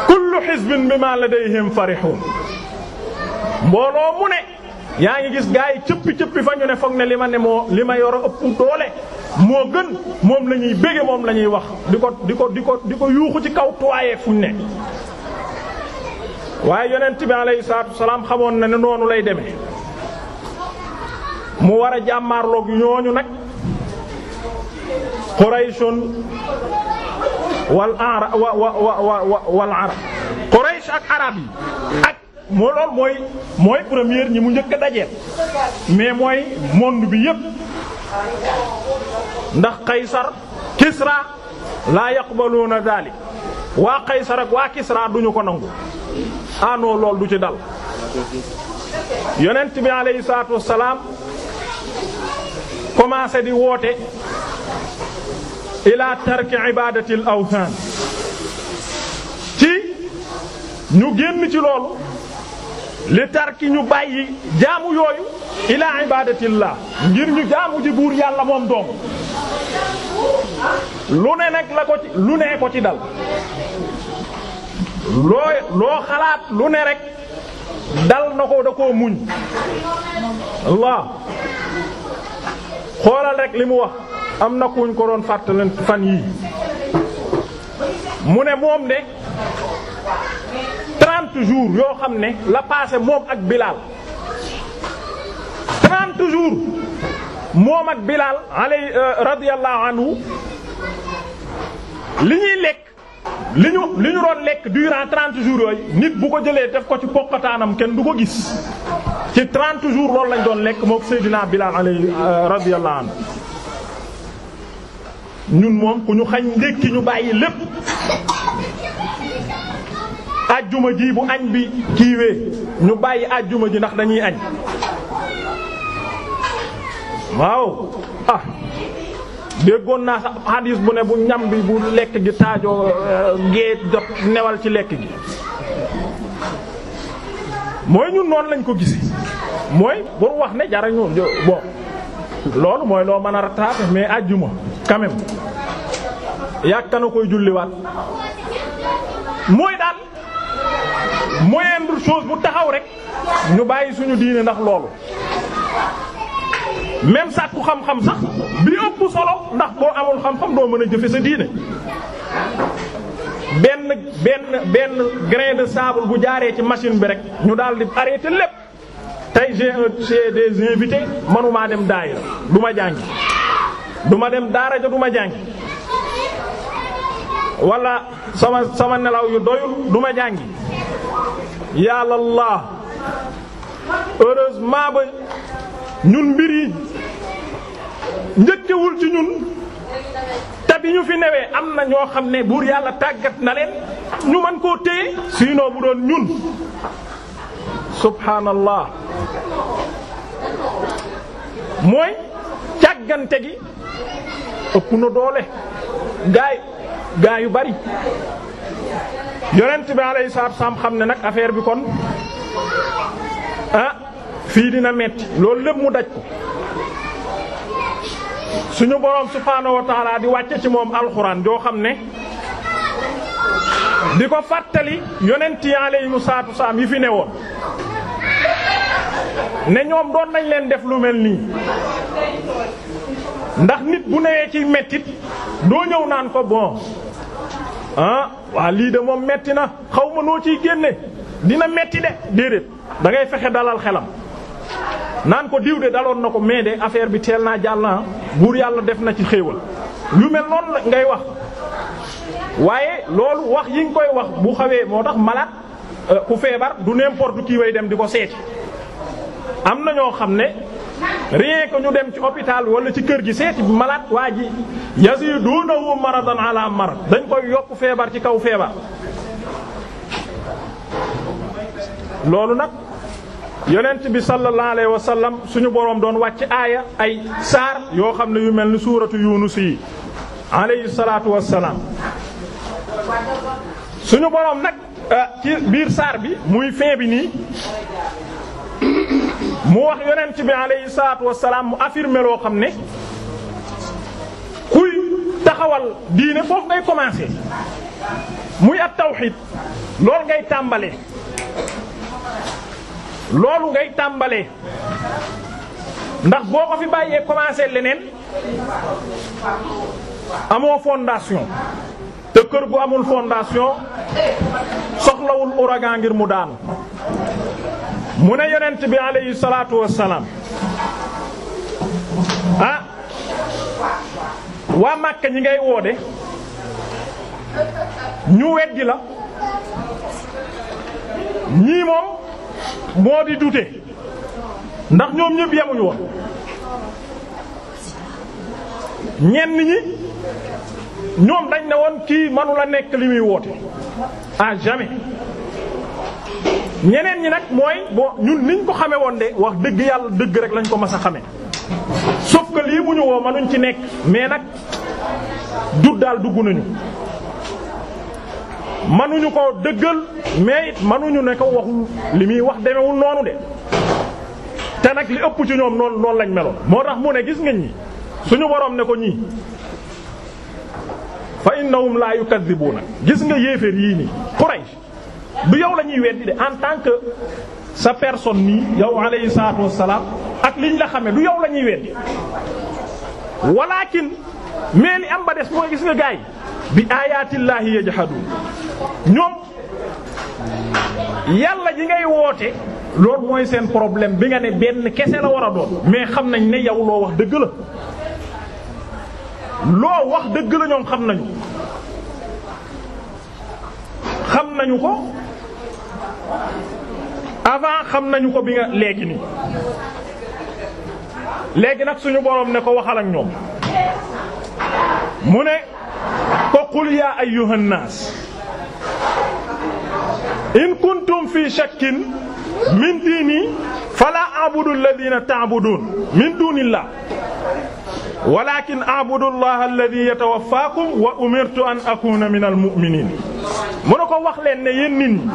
kullu xisbin bima ladayhim farihun mbooloo mu ne yaa ngi gis gaa yi cëppi cëppi fa ñu ne foog ne li ma ne moo li ma yor a ëpp doole moo gën moom lañuy bégge moom lañuy wax di ko di ko di ko di ko yuuxu ci kaw tuwaaye fuñ ne. waaye yonent bi alayhi salaatu xamoon na ne noonu lay deme mu war a jàmmaarloog ñooñu nag Qurayshun wal ara wal arab Quraysh ak arab yi moo lool mooy mooy première ñi mu njëkk a dajeel mais mooy monde bi yépp ndax Qaysar Kisra laa yaqbaluuna daali waa Qaysar ak waa Kisra duñu ko nangu anoo ah lool du ci dal yonent bi alayhi salaatu wassalaam commencé di woote ila tarki ibadatil awthan ci ñu génn ci loolu li tarki ñu bàyyi jaamu yooyu ila ibadatillah ngir ñu jaamu ji buur yàlla moom doom lu ne nag la ko lu ne ko ci dal loo loo xalaat lu ne rek dal na ko da koo muñ Allah xoolal rek li mu wax am na kuñ ko doon fàttalen fan yii mu ne moom de trente jours yoo xam ne la passé moom ak Bilal trente jours moom ak Bilal alay euh, radiyallahu anhu li ñuy lekk li ñu li ñu doon lekk durant trente jours yooyu nit bu ko jëlee def ko ci poqataanam kenn du ko gis ci trente jours loolu lañ doon lekk moo Seydina Bilal alay euh, radiyallahu anhu ñun moom ku ñu xañ ndékki ñu bàyyi lépp ajjuma ji bu añ bi kiiwee ñu bàyyi ajjuma ji ndax dañuy añ waaw ah déggoon naa sax hadis bu ne bu ñam bi bu lekk gi taajoo euh, gee jot newal ci lekk gi mooy ñun noonu lañ ko gisi mooy pour wax ne jarañu bon loolu mooy loo mën a rattraper mais àjjuma quand même koy julliwaat mooy daal moindre chose bu taxaw rek ñu bàyyi suñu diine ndax loolu même sàkku xam-xam sax bi ëpp solo ndax boo amul xam-xam doo mën a jëfe sa diine benn benn benn grain de sable bu jaaree ci machine bi rek ñu daal di arrêté lépp tey j'ai j'ai des invités manumaa dem daayira du ma jàngi duma dem daara ja du ma jàngi wala sama sama nelaw yu doyul du ma jàngi yàllallaa heureusement ba ñun mbir yi njëkkewul ci ñun te bi ñu fi newee am na ñoo xam ne buur yàlla tàggat na leen ñu mën koo téye sinon bu doon ñun subhaanallah mooy càggante gi ëpp na doole gaay gaay yu bari yonent bi alayhi salaatu xam ne nag affaire bi kon ah fii dina metti lool lépp mu daj ko suñu boroom subhaanahu di wàcce ci moom alxuraan joo xam ne di ko fàttali yonent yi mu saatu salaam yi fi ne woon ne ñoom doon nañ leen def lu mel nii ndax nit bu newee ci mettit doo ñëw naan ko bon ah waa lii de moom metti na xaw ma noo ciy génne dina metti de déedéet dangay ngay fexe dalal xelam naan ko diw daloon na ko mais de affaire bi teel naa jàll na buur yàlla def na ci xéewal yu mel noonu ngay wax waaye loolu wax yi koy wax bu xawee moo tax malade euh, ku feebar du n'importe qui way dem di ko seeti am na ñoo xam ne rien que ñu dem ci hôpital wala ci kër gi seeti malaat waa ji yazidunahu maradan ala marad dañ koy yokk feebar ci kaw feebar loolu nag yonent bi sallallahu alayhi wa sallam suñu boroom doon wàcc aaya ay saar yoo xam ne yu mel ni suuratu yunus yi alayhi salaatu wassalaam suñu boroom nag eh, ci biir saar bi muy fin nii mu wax yonent bi alayhi salaatu wassalaam mu affirmer xam ne kuy taxawal diine foofu ngay commencer muy at tawxiid loolu ngay tàmbale loolu ngay tàmbale ndax boo ko fi bàyyee commencer leneen amoo fondation te kër gu amul fondation soxlawul ouragan ngir mu daanu mu ne yonent bi alayhi salaatu wassalaam ah waa Makka ñi ngay woode ñu weddi la ñii moom moo di dute ndax ñoom ñëpp yemuñu woon ñenn ñi ñoom dañ ne woon kii manu la nekk limuy muy woote à jamais ñeneen ñi nag mooy boo ñun niñ ko xame woon de wax dëgg yàlla dëgg rek lañ ko mas a xame sauf que lii bu ñu woo mënuñ ci nekk mais nag du daal dugg nañu mënuñu ko dëggal mais it mënuñu ne ko waxul li muy wax demewul noonu de te nag li ëpp ci ñoom noonu noonu lañ meloon moo tax mu ne gis nga ñi suñu boroom ne ko ñii fa innahum la yukadibuna gis nga yéeféer yii nii Quraysh du yow la ñuy weddi de en tant que sa personne nii yow alayhi salaatu wassalaam ak liñ la xamee du yow la ñuy weddi walakin mais li am ba des mooy gis nga gaay bi ayaatillaahi yajhadun ñoom yàlla ji ngay woote loolu mooy seen problème bi nga ne benn kese la war a doon mais xam nañ ne yow loo wax dëgg la loo wax dëgg la ñoom xam nañu xam nañu ko avant xam nañu ko bi nga léegi nii léegi nag suñu boroom ne ko waxal ak ñoom mu ne ko qul yaa ayyuhan naas in kuntum fi shakkin min diini fala a'budu alladhina ta'budun min dunillah walakin a'budu allaha alladhi yatawaffaakum wa umirtu an akuna min al mu'minin mu ne ko wax leen ne yéen nit ñi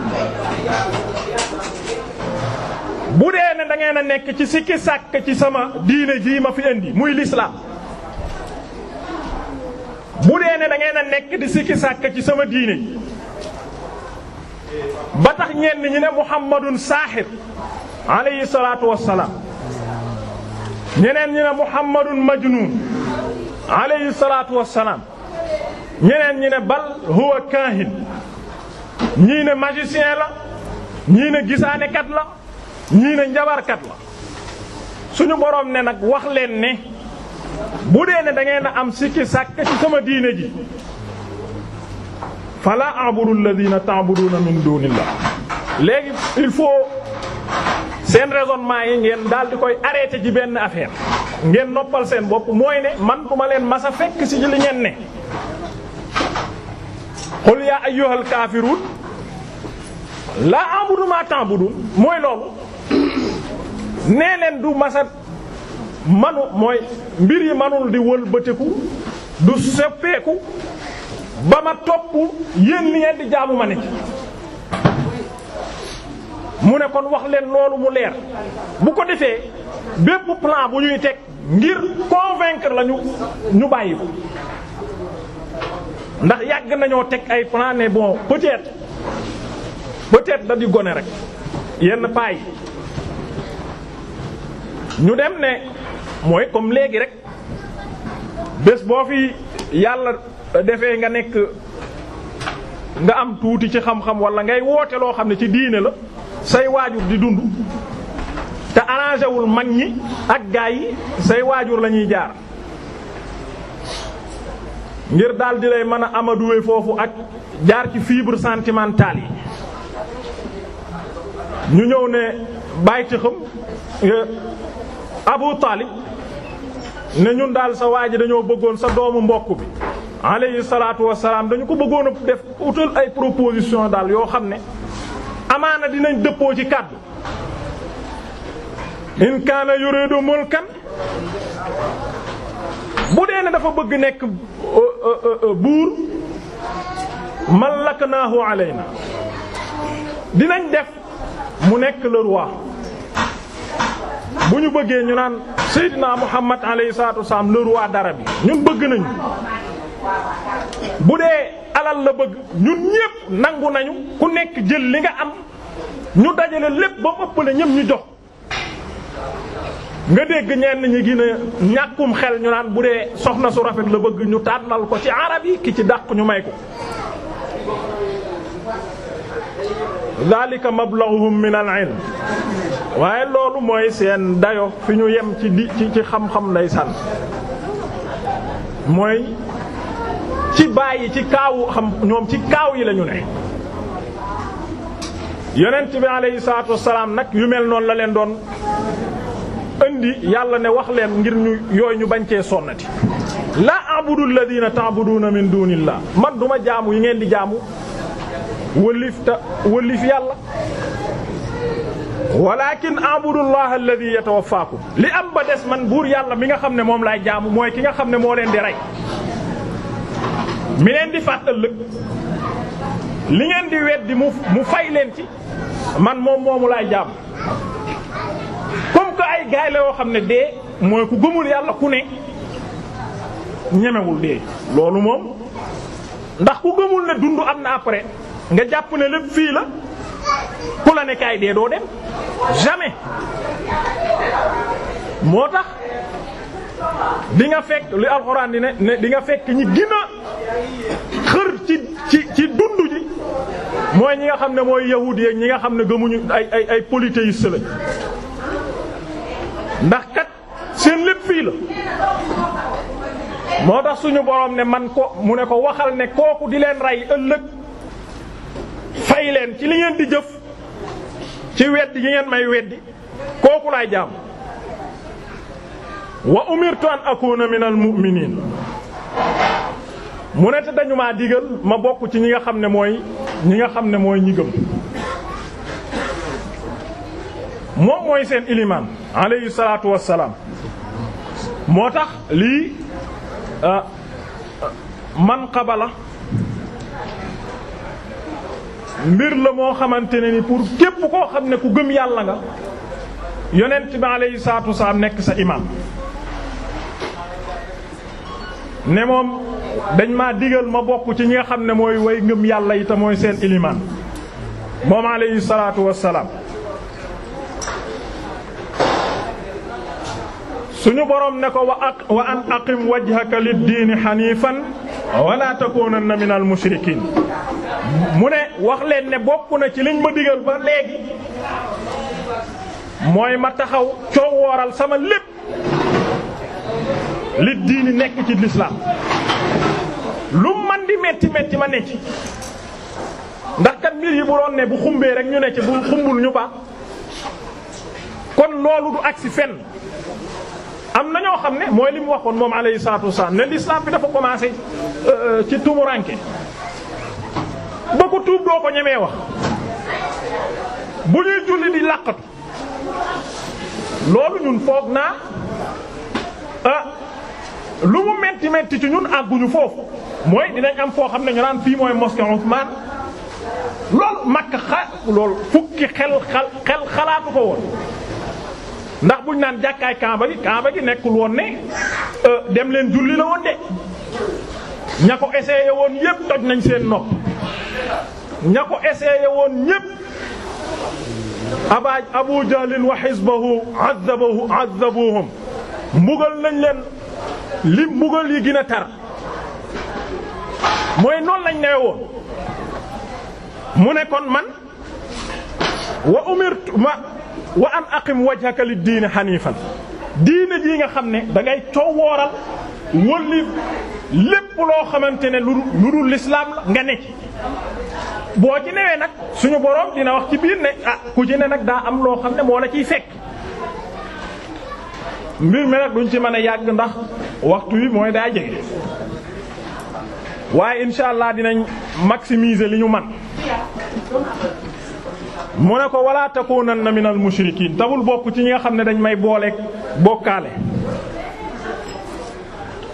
bu dee ne da a nekk ci sikki sàkk ci sama diine jii ma fi indi muy lislaam bu dee ne da a nekk di sikki ci sama diine batax ba tax ñenn ñi ne muhammadun saaxir alayhi salaatu wassalaam ñeneen ñi ne muhammadun majnun alayhi salaatu wassalaam ñeneen ñi ne bal huwa kaahin ñii ne magicien la ñii ne gisaanekat la ñii ne njabarkat la suñu boroom ne nag wax leen ne bu dee ne da ngeen a am sikki sàkk ci sama diine ji fala a'budu alladhina ta'buduna min la léegi il faut seen raisonnement yi ngeen daal di koy arrêté ci benn affaire ngeen noppal seen bopp mooy ne man du ma leen masa fekk ci li ngeen ne qul ya ayyuhal kafirun la a'budu ma ta'budun mooy loolu nee leen du masa manu mooy mbir yi manul di wëlbatiku du seppeeku ba ma topp yéen yenn di jaamu ma ne mu ne kon wax leen loolu mu leer bu ko defee bépp plan bu ñuy teg ngir convaincre lañu ñu ñu bàyyi ko ndax yàgg nañoo teg ay plan ne bon peut-être peut da di gone rek yenn paay ñu dem ne mooy comme léegi rek bés boo fi yàlla. defee nga nekk nga am tuuti ci xam-xam wala ngay woote loo xam ne ci diine la say waajur di dund te arrangé wul mag ñi ak gaa yi say waajur la ñuy jaar ngir daal di lay mën a amaduwe foofu ak jaar ci fibre sentimentale yi ñu ñëw ne bàyyi xam eh, Abu Talib ne ñun daal sa waa ji dañoo bëggoon sa doomu mbokk bi alayhi salaatu wasalaam dañu ko bëggoon a def utal ay proposition daal yoo xam ne amaana dinañ dëppoo ci kàddu in kaana yuridu mulkan bu dee ne dafa bëgg nekk euh, euh, euh, buur malaknaahu alayna dinañ def mu nekk le bu ñu bëggee ñu naan Seydina Muhammad alayhi salaatu wasalaam le dara bi ñun bëgg nañu bu dee alal la bëgg ñun ñépp nangu nañu ku nekk jël li nga am ñu dajale lépp ba ëpp la ñépp ñu jox nga dégg ñenn ñi gën a ñàkkum xel ñu naan bu dee soxna su rafet la bëgg ñu tànnal ko ci arab yi ki ci dàq ñu may ko dalika mablaghuhum min al waaye loolu mooy seen dayo fi ñu yem ci di ci ci xam-xam nday sànn mooy ci bàyyi ci kaawu xam ñoom ci kaaw yi la ñu ne yonent bi alayhi salaatu wassalaam nag yu mel noonu la leen doon indi yàlla ne wax leen ngir ñu yooyu ñu bañ cee sonnati laa abudu alladina ta'buduna min dunillah man duma jaamu yi ngeen di jaamu wëlif ta yàlla walakin abudullah alladhi yatawaffaakum li am ba des man buur yàlla mi nga xam ne moom laay jaamu mooy ki nga xam ne moo leen di rey mi leen di faat ëllëg li ngeen di weddi mu mu fay leen ci man moom moomu laay jaam comme que ay gaayle la yoo xam ne dee mooy ku gëmul yàlla ku ne ñemewul dee loolu moom ndax ku gëmul ne dund am na après nga jàpp ne lépp fii la ku la ne kaay dee doo dem jamais moo tax di nga fekk li alxuraan di ne ne di nga fekk ñi gën xër ci ci ci dund ji mooy ñi nga xam ne mooy yahuud ñi nga xam ne gëmuñu ay ay ay polythéistes lañ ndax kat seen lépp fii la moo tax suñu boroom ne man ko mu ne ko waxal ne kooku di leen rey ëllëg fay leen ci li ngeen di jëf ci weddi yi ngeen may weddi kooku laay jaam wa umirtu an akuna minal mu'minin mu ne te digal ma bokk ci ñi nga xam ne mooy ñi nga xam ne mooy ñi gëm moom mooy seen ilimaan alayhi salaatu wassalaam moo tax lii euh, euh, manqaba la mbir la moo xamante ne ni pour képp koo xam ne ku gëm yàlla nga yonent bi alayhi salaatu nekk sa imaam ne moom dañ maa digal ma bokk ci ñi nga xam ne mooy way ngëm yàlla yi te mooy seen ilimaan moom alayhi salaatu wassalaam suñu borom ne ko wa ak wa an aqim wajhaka lid-diini haniifan wala takuunanna minal mushrikiin mu ne wax leen ne bokk na ci liñ ma digal ba léegi mooy ma taxaw coowooral sama lépp li diini nekk ci lislaam lu man di metti metti ma nekk ndax kat mbir yi bu doon ne bu xumbee rek ñu ne ci bu xumbul ñu ba kon loolu du agsi fenn am na ñoo xam ne mooy li mu waxoon moom alayhi salaatu wasalaam ne l'islam bi dafa commencé euh, euh, ci tumuranke ba ko tuub doo ko ñemee wax bu ñuy julli di làqatu loolu ñun foog naa ah, lu mu metti metti ci ñun àgguñu foofu mooy dinañ am foo xam ne ñu naan fii mooy mosquée Ousmane loolu Makka xa loolu fukki xel xalaatu ko woon. ndax buñ naan jàkkaay Kaaba gi Kaaba gi nekkul woon ne euh, dem leen julli la woon de ña ko essayé woon yépp toj nañ seen nopp ña ko essayé woon ñépp. Aba Abu Jahl wa hizbahu azzabahu azzabuhum mbugal nañ leen. li mbugal yi gën a tar mooy noon lañ newe woon mu ne kon man wa umirtu ma wa an aqim wajhaka lid diini hanifan diine jii nga xam ne dangay ngay coowooral wëlli lépp loo xamante ne lu dul lislaam la nga ne boo ci newee nag suñu boroom dina wax ci biir ne ah ku ci ne nag daa am loo xam ne moo la ciy fekk mbir mi nag duñ ci mën a yàgg ndax waxtu wi mooy daa jege waaye insha allah dinañ maximiser li ñu man mu ne ko wala takunanna minal mushrikiin tabul bokk ci ñi nga xam ne dañ may booleeg bokkaale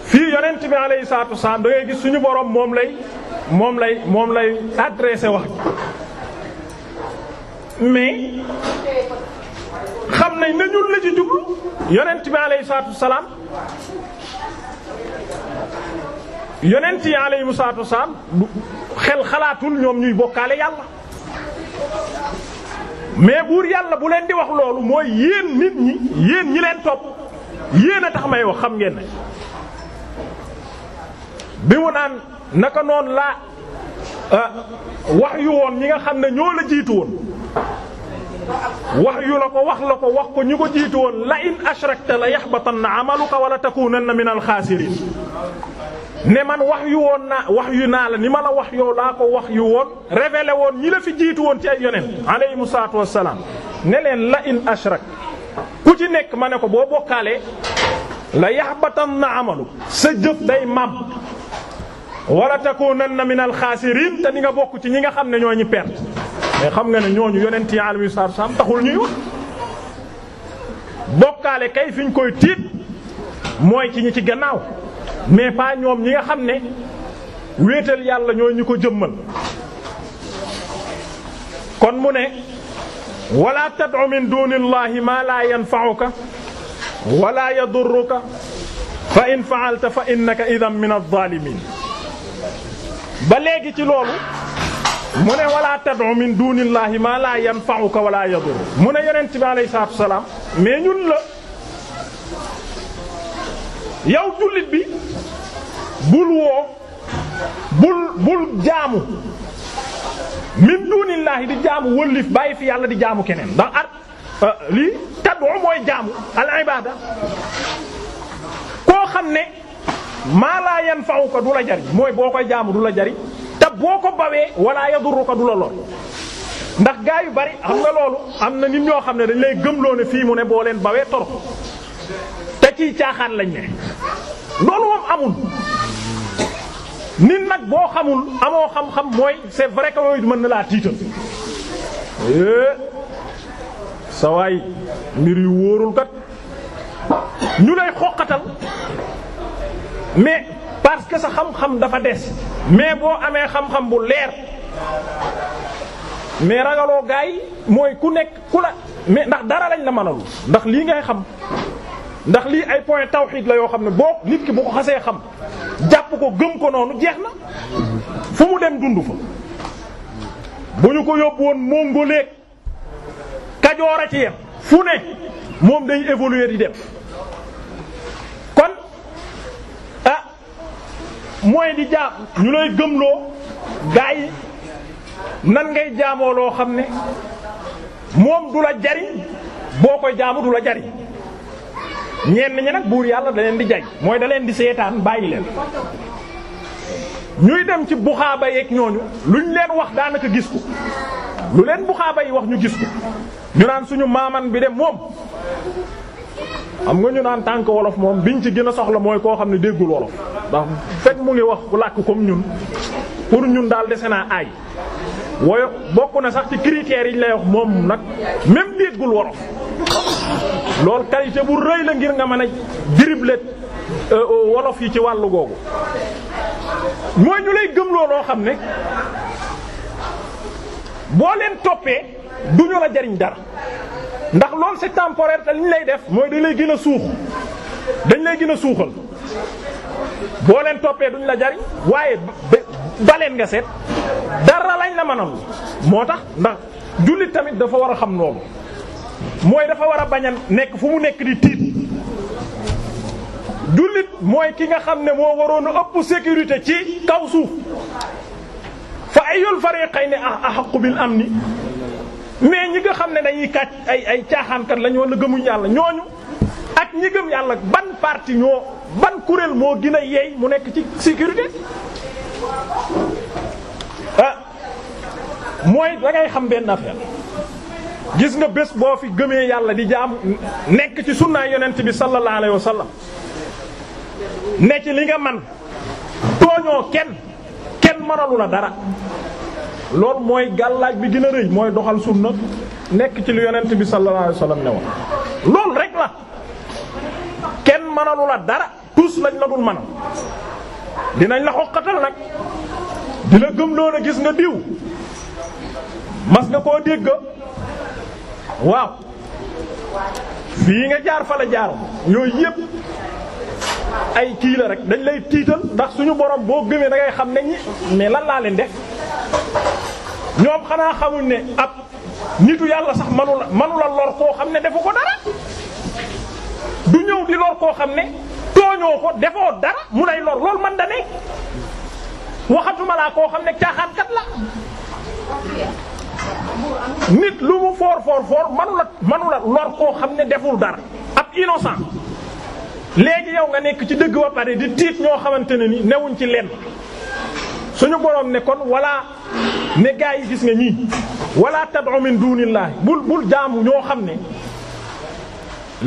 fii yonent bi alayhi salaatu wassalaam da ngay gis suñu borom moom lay moom lay moom lay adressé wa mais xam nañ ne ñun la ci jublu yonent bi aleyhi salaatu wasalaam yonent yi aleyhimu salaatu wasalaam xel xalaatul ñoom ñuy bokkaale yàlla mais buur yàlla bu leen di wax loolu mooy yéen nit ñi yéen ñi leen topp yéen a tax may wax xam ngeen ne bi mu naan naka noon la euh, wax yu woon ñi nga xam ne ñoo la jiitu woon wax yu la ko wax la ko wax ko ñu ko jiitu woon la in ashrakta la batan na yahbatanna amaluka wala takunanna minal xaasirin ne man wax yu woon na wax yu naa la ni ma la wax yow laa ko wax yu woon révélé woon ñi la fi jiitu woon ci ay yonent alayhimu salaatu wassalaam ne leen la in ashrak ku ci nekk ma ne ko boo bokkaalee la na amalu sa jëf day mab wala takunanna minal xaasirin te di nga bokk ci ñi nga xam ne ñoo ñi perte mais xam nga ne ñooñu yonent yi alayhi salaam taxul ñuy wax bokkaale kay fi ñu koy tiit mooy ci ñi ci gannaaw mais pas ñoom ñi nga xam ne wéetal yàlla ñooy ñi ko jëmmal kon mu ne wala tad'u min dunillahi ma la yanfa'uka wala yadurruka fa in fa'alta fa innaka idhan min adh ba léegi ci loolu mu ne wala tad'u min dunillahi ma la yanfa'uka wala yadur mu ne yonent bi alayhi mais ñun la yow jullit bi bul woo bul bul jaamu min dunillahi di jaamu wëllif bàyyi fi yàlla di jaamu keneen ndax at euh, lii tad'u mooy jaamu al ibada koo xam ne maa laa yanfa'uka du la jariñ mooy boo koy jaamu du la jariñ te boo ko bawee wala yadurruka du la ndax gaa yu bari xam nga loolu am na nit ñoo xam ne dañ lay gëmloo ne fii mu ne boo leen bawee toro te ciy caaxaan lañ ne loolu moom amul nit nag boo xamul amoo xam-xam mooy c'est vrai que mën na laa tiital eh, sa waay mbir yu wóorul kat ñu lay xoqatal mais parce que sa xam-xam dafa des mais boo amee xam-xam bu leer mais ragaloo gaay mooy ku nekk ku la mais ndax dara lañ la mënalu ndax lii ngay xam ndax lii ay point tawhid la yoo xam ne boo nit ki bu ko xasee xam jàpp ko gëm ko noonu jeex na fu mu dem dund fa bu ñu ko yóbbu woon mongoleeg kajoor ci yem fu ne moom day évoluer di dem mooy di jaam ñu lay gëmloo gaa yi nan ngay jaamoo loo xam ne moom du la jariñ boo ko jaamu du la jariñ ñenn ñi nag buur yàlla da leen di jay mooy da leen di seetaan bàyyi leen ñuy dem ci buxaaba yeeg ñooñu luñ leen wax daanaka gis ko lu leen buxaaba yi wax ñu gis ko ñu naan suñu maaman bi dem moom xam nga ñu naan tànk wolof moom biñ ci gën a soxla mooy koo xam ne déggul wolof ndax fekk mu ngi wax ku làkk comme ñun pour ñun daal dese naa ay woyo bokk na sax ci critères yi lay wax moom nag même déggul wolof lool qualité bu rëy la ngir nga mën a dribbler euh, euh, wolof yi ci wàllu googu mooy ñu lay gëm looloo xam ne boo leen toppee. du ñu la jariñ dara ndax loolu c'est temporaire te li ñu lay def mooy dañ lay gën a suux dañ lay gën a suuxal boo leen toppee duñ la jariñ waaye baleen nga seet dara lañ la mënal moo tax ndax jullit tamit dafa war a xam loolu mooy dafa war a bañ a nekk fu mu nekk di tiit jullit mooy ki nga xam ne moo waroon a ëpp sécurité ci kaw suuf fa ayul fariqayni ahqqu am amni mais ñi nga xam ne dañuy kàcc ay ay caaxaankat lañ wala gëmuñ yàlla ñooñu ak ñi gëm yàlla ban parti ñoo ban kuréel moo gin a yeey mu nekk ci sécurité ah mooy da xam benn affaire gis nga bés boo fi gëmee yàlla di jaam nekk ci sunnaay yonent bi sallallahu alayhi wa ne ci li nga man tooñoo kenn kenn maralu la dara loolu mooy gàllaaj bi gën a rëy mooy doxal sunna nekk ci li yonent bi sallallahu alayhi wasallam ne woon loolu rek la kenn mënalu la dara tous lañ la dul mënal dinañ la xoqatal nag di la gëm gis nga diw mas nga koo dégg waaw fii nga jaar fa la jaar yooyu yépp ay kii la rek dañ lay tiital ndax suñu borom boo gëmee da ngay xam ne ñi mais lan laa leen def ñoom xanaa xamul ne ab nitu yàlla sax manula manula lor koo xam ne defu ko koo xam ne tooñoo ko defoo dara mu lor loolu man da nekk waxatuma laa koo xam ne caaxaankat la lu mu foor foor foor manula koo xam ne deful dara ab innocent léegi yow nga nekk ci dëgg ba pare di tiit ñoo xamante ne ni newuñ ci lenn suñu borom ne kon wala ne gaa yi gis nga ñii wala tad'u min dunillahi bul bul jaamu ñoo xam ne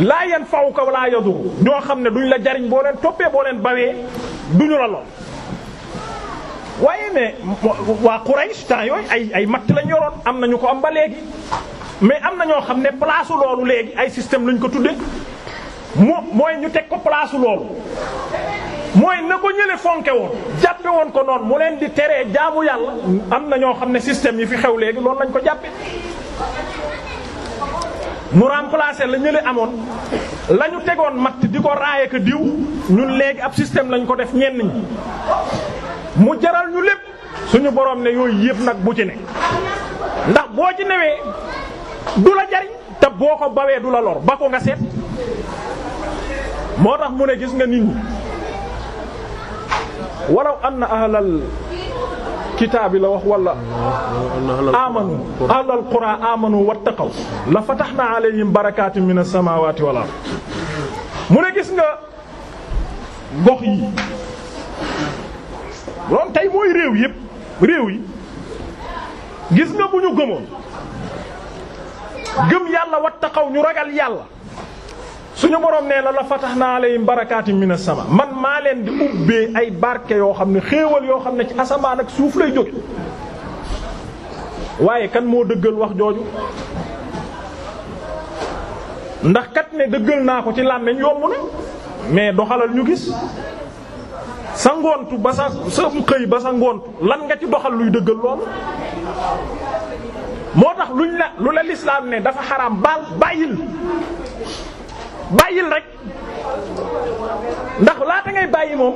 laa yanfa'uka wala yadur ñoo xam ne duñ la jariñ boo leen toppee boo leen bawee duñu la lool waaye ne waa Quraysh temps yooyu ay ay matt lañ yoroon am na ñu ko am ba léegi mais am na ñoo xam ne place loolu léegi ay système lañ ko tuddee moom mooy ñu teg ko place loolu mooy na ko ñële fonke woon jàppe woon ko noon mu leen di teree jaamu yàlla am na ñoo xam ne système yi fi xew léegi loolu lañ ko jàppe mu remplacer la ñële amoon lañu tegoon matt di ko raaye ko diw ñun léegi ab système lañ ko def ñenn ñi mu jaral ñu lépp suñu borom ne yooyu yépp nag bu ci ne ndax boo ci newee du la jariñ te boo ko bawee du la lor ba ko nga seet moo tax mu ne gis nga nit ñi walaw anna ahlal kitaabi la wax wala amanu ahlal qura amanu wattaqaw la fatahna alayhim barakatin minas samawati wal ard mu ne gis nga gox yi loolu tey mooy réew yépp réew yi gis nga bu ñu gëmoon gëm yàlla wattaqaw ñu ragal yàlla suñu borom nee la la fatax fatahna alayhim barakaati minas sama man maa leen di ubbee ay barke yoo xam ne xéewal yoo xam ne ci asamaan ak suuf lay jóge waaye kan moo dëggal wax jooju ndax kat ne dëggal naa ko ci làmmiñ yomb na mais doxalal ñu gis sa ngoontu ba sa sa xëy ba sa ngoontu lan nga ci doxal luy dëggal loolu moo tax luñ la lu la lislaam ne dafa xaraam baal bàyyil bàyyil rek ndax laata ngay bàyyi moom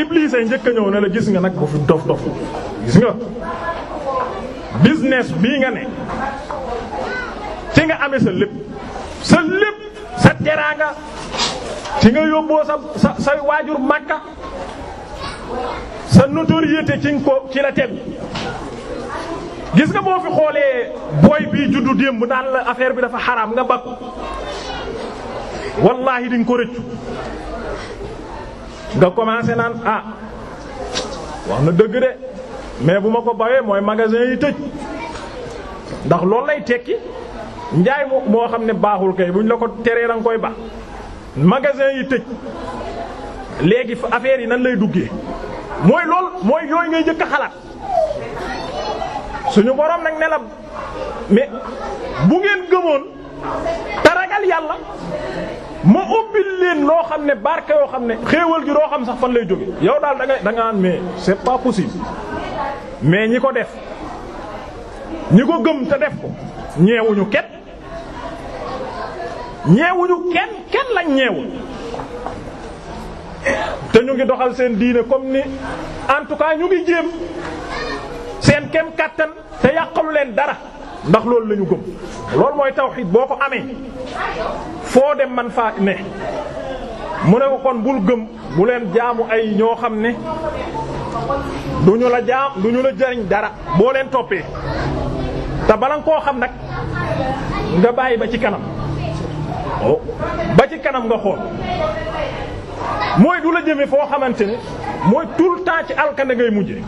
Iblis ay njëkk a la gis nga nag ko fu dof dof gis nga business bii nga ne ci nga ame sa lépp sa lépp sa teraanga ci nga yóbboo sa sa say waajur Makka sa yéete ci nga ko ci la tegu gis nga boo fi xoolee booy bii juddu démb naan la affaire bi dafa xaraam nga bakku wallaahi di nga ko rëccu nga commencé naan ah wax na dëgg de mais bu ma ko bawee mooy magasin yi tëj ndax loolu lay tekki njaay moo xam ne baaxul kay buñ la ko teree da koy ba magasin yi tëj léegi affaire yi nan lay duggee mooy lool mooy yooyu ngay njëkk xalaat. suñu borom nag ne la bu ngeen gëmoon te ragal yàlla ma ubbil leen loo xam ne barke yoo xam ne xéewal gi doo xam sax fan lay jóge yow daal dangay ngay da nga naan mais mais ñi ko def ñi ko gëm te def ko ñeewuñu kenn ñeewuñu kenn kenn lañ ñeewul te ñu ngi doxal seen diine comme ni en tout cas ñu ngi jéem seen kem kàttan te yàqalu leen dara ndax loolu lañu ñu gëm loolu mooy tawxiid boo ko amee foo dem man fa ne mu ne ko kon bul gëm bu leen jaamu ay ñoo xam ne du ñu la jaam du ñu jëriñ dara boo leen toppee te bala koo xam nag nga bàyyi ba ci kanam oh. ba ci kanam nga xool mooy du la jëme foo xamante ne mooy tout le temps ci alkande ngay mujje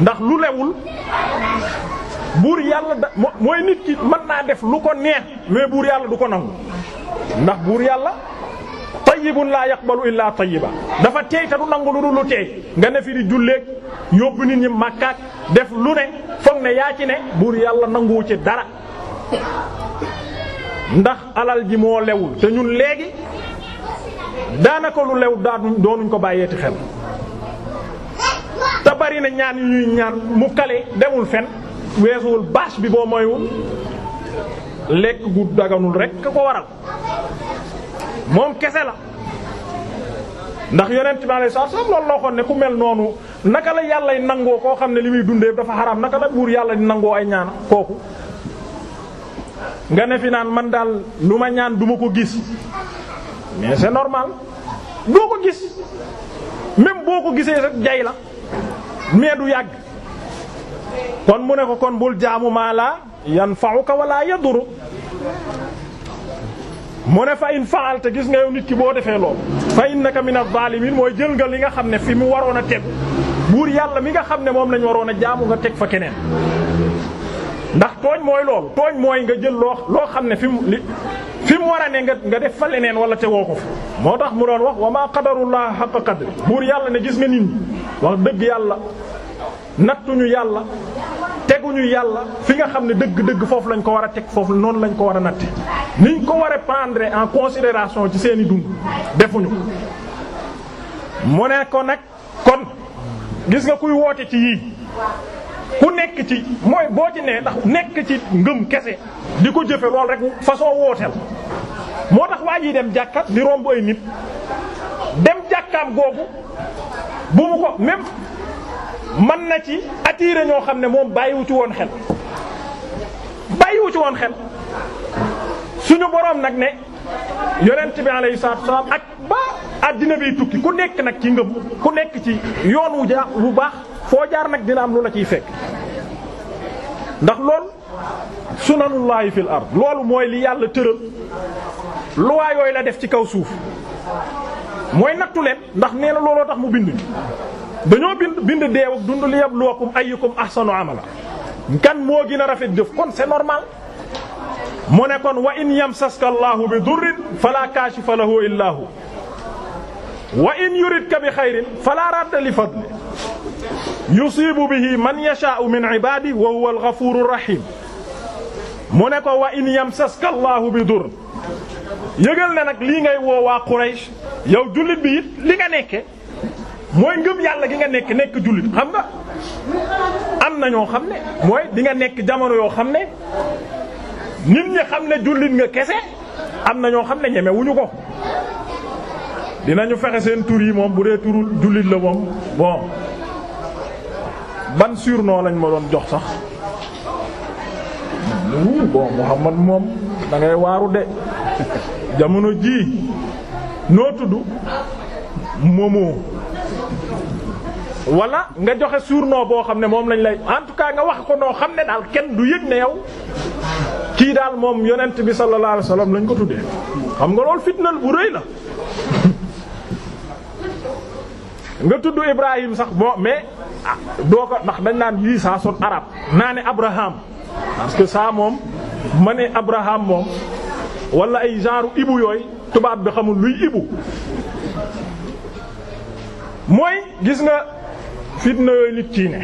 ndax lu lewul buur yàlla da mooy nit ki mën naa def lu ko neex mais buur yàlla du ko nangu ndax buur yàlla tayyibun laa yaqbalu illaa tayyiba dafa teey te du nangu lu dul lu teey nga ne fi di julleek yóbbu nit ñi màkkaat def lu ne foog ne yaa ci ne buur yàlla nanguwu ci dara ndax alal ji moo lewul te ñun léegi daanaka lu lew daa doonuñ ko bàyyeeti xel te bari na ñaan yu ñuy ñaan mu kale demul fen weesuwul bâche bi boo moywul lekk gu daganul rek ko waral moom kese la ndax yonent bi alayhi salaatu wasallam loolu ne ku mel noonu naka la yàlla nangoo koo xam ne li muy dundee dafa xaraam naka la buur yàlla di nangoo ay ñaan kooku nga ne fi naan man daal lu ma ñaan duma ko gis mais c'est normal doo ko gis même boo ko gisee rek jay la mais du yàgg kon mu ne ko kon bul jaamu maa la yanfa'uka wala yaduru mu ne fa in fa'alta gis nga yow nit ki boo defee lool fa innaka min adh-dhalimin mooy jël nga li nga xam ne fi mu waroon a tegu buur yàlla mi nga xam ne moom lañ waroon a jaamu nga teg fa keneen ndax tooñ mooy loolu tooñ mooy nga jël loo xam ne fi mu fi mu war a ne nga nga def fa leneen wala te woo ko fa moo tax mu doon wax wa maa qadarullah haqqa qadri buur yàlla ne gis nga nit ñi wax dëgg yàlla nattuñu yàlla teguñu yàlla fi nga xam ne dëgg-dëgg foofu lañ ko war a teg foofu noonu lañ ko war a natte niñ ko war a prendre en considération ci seeni dung defuñu mu ne ko nag kon gis nga kuy woote ci yii ku nekk ci mooy boo ci nee ndax nekk ci ngëm kese di ko jëfe lool rek façon wooteel moo tax waa ji dem jàkka di nit dem jàkkaam googu bu mu ko même mën na ci attirer ñoo xam ne moom bàyyiwu ci woon xel bàyyiwu ci woon xel suñu boroom nag ne yonent bi alayhi salaatu wasallam ak ba addina biy tukki ku nekk nag ci ngëm ku nekk ci yoon wu jaa wu baax foo jaar nag dina am lu la ciy fekk ndax lool sunanullahi fil ard loolu mooy li yàlla tëral luwaa yooyu la def ci kaw suuf mooy nattu ndax nee na looloo tax mu bind dañoo bind bind deew dund li yabluwakum ayyukum ahsanu amala kan moo gën a rafet jëf kon c'est normal mu ne kon wa in yamsaska allahu bi durrin fala kashifa lahu illa hu wa in yuridka bi xayrin fala radda li yusiibu bihi man yashaa'u min ibaadihi wa huwa al-ghafuuru rahiim mu ne ko wa in yamsaska Allahu bi dur yëgal na nag lii ngay woo waa yow jullit bi it li nga nekke mooy ngëm yàlla gi nga nekk nekk jullit xam nga am na ñoo xam ne mooy di nga nekk jamono yoo xam ne nit ñi xam ne jullit nga kese am na ñoo xam ne ñeme wuñu ko dinañu fexe seen tur yi moom bu dee turu jullit la moom bon ban surnom lañ ma doon jox sax bon Muhammad moom dangay ngay waaru de jamono jii noo tudd moomoo wala nga joxe surnom boo xam ne moom lañ lay en tout cas nga wax ko noo xam ne daal kenn du yëg ne yow kii daal moom yonent bi sallallahu alayhi wasallam lañ ko tuddee xam nga loolu fitna bu rëy la nga tudd Ibrahim sax bon mais ah doo ko ndax dañ naan yii saa son arab naa ne Abraham parce que saa moom ma ne Abraham moom wala ay genre ibu yooyu tubaab bi xamul luy ibu mooy gis nga fitna yooyu nit ci ne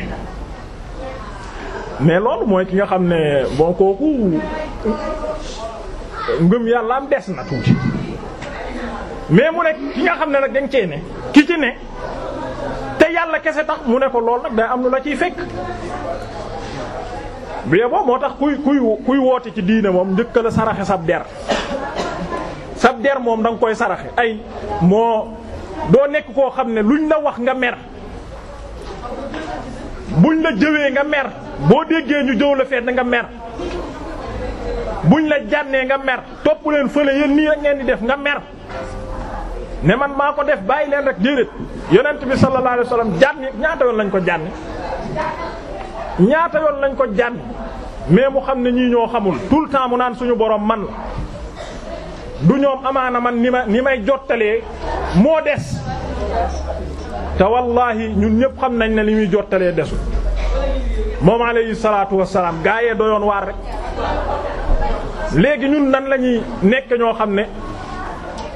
mais loolu mooy ki nga xam ne bon kooku ngëm yàlla am des na tuuti mais mu ne ki nga xam ne nag dañ cee ne ki ci ne te yàlla kese tax mu ne ko lool nag day am lu la ciy fekk bie boobu moo tax kuy kuy kuy woote ci diine moom njëkka la saraxe sab der sab der moom danga koy saraxe ay moo doo nekk koo xam ne luñ la wax nga mer buñ la jëwee nga mer boo déggee ñu jëw la feet nga mer buñ la jànnee nga mer topp leen fële yéen nii rek ngeen di def nga mer ne man maa ko def bàyyi leen rek déedéet yonent bi sallallahu alayhi wasallam jànni ñaata yoon lañ ko jànni ñaata yoon lañ ko jànni mais mu xam ne ñii ñoo xamul tout le temps mu naan suñu borom man la du ñoom amaana man ni ma ni may jottalee moo des te wallaahi ñun ñëpp xam nañ ne li muy jottalee desu moom alayhi salaatu wassalaam gaa yee doyoon waar rek léegi ñun nan la ñuy nekk ñoo xam ne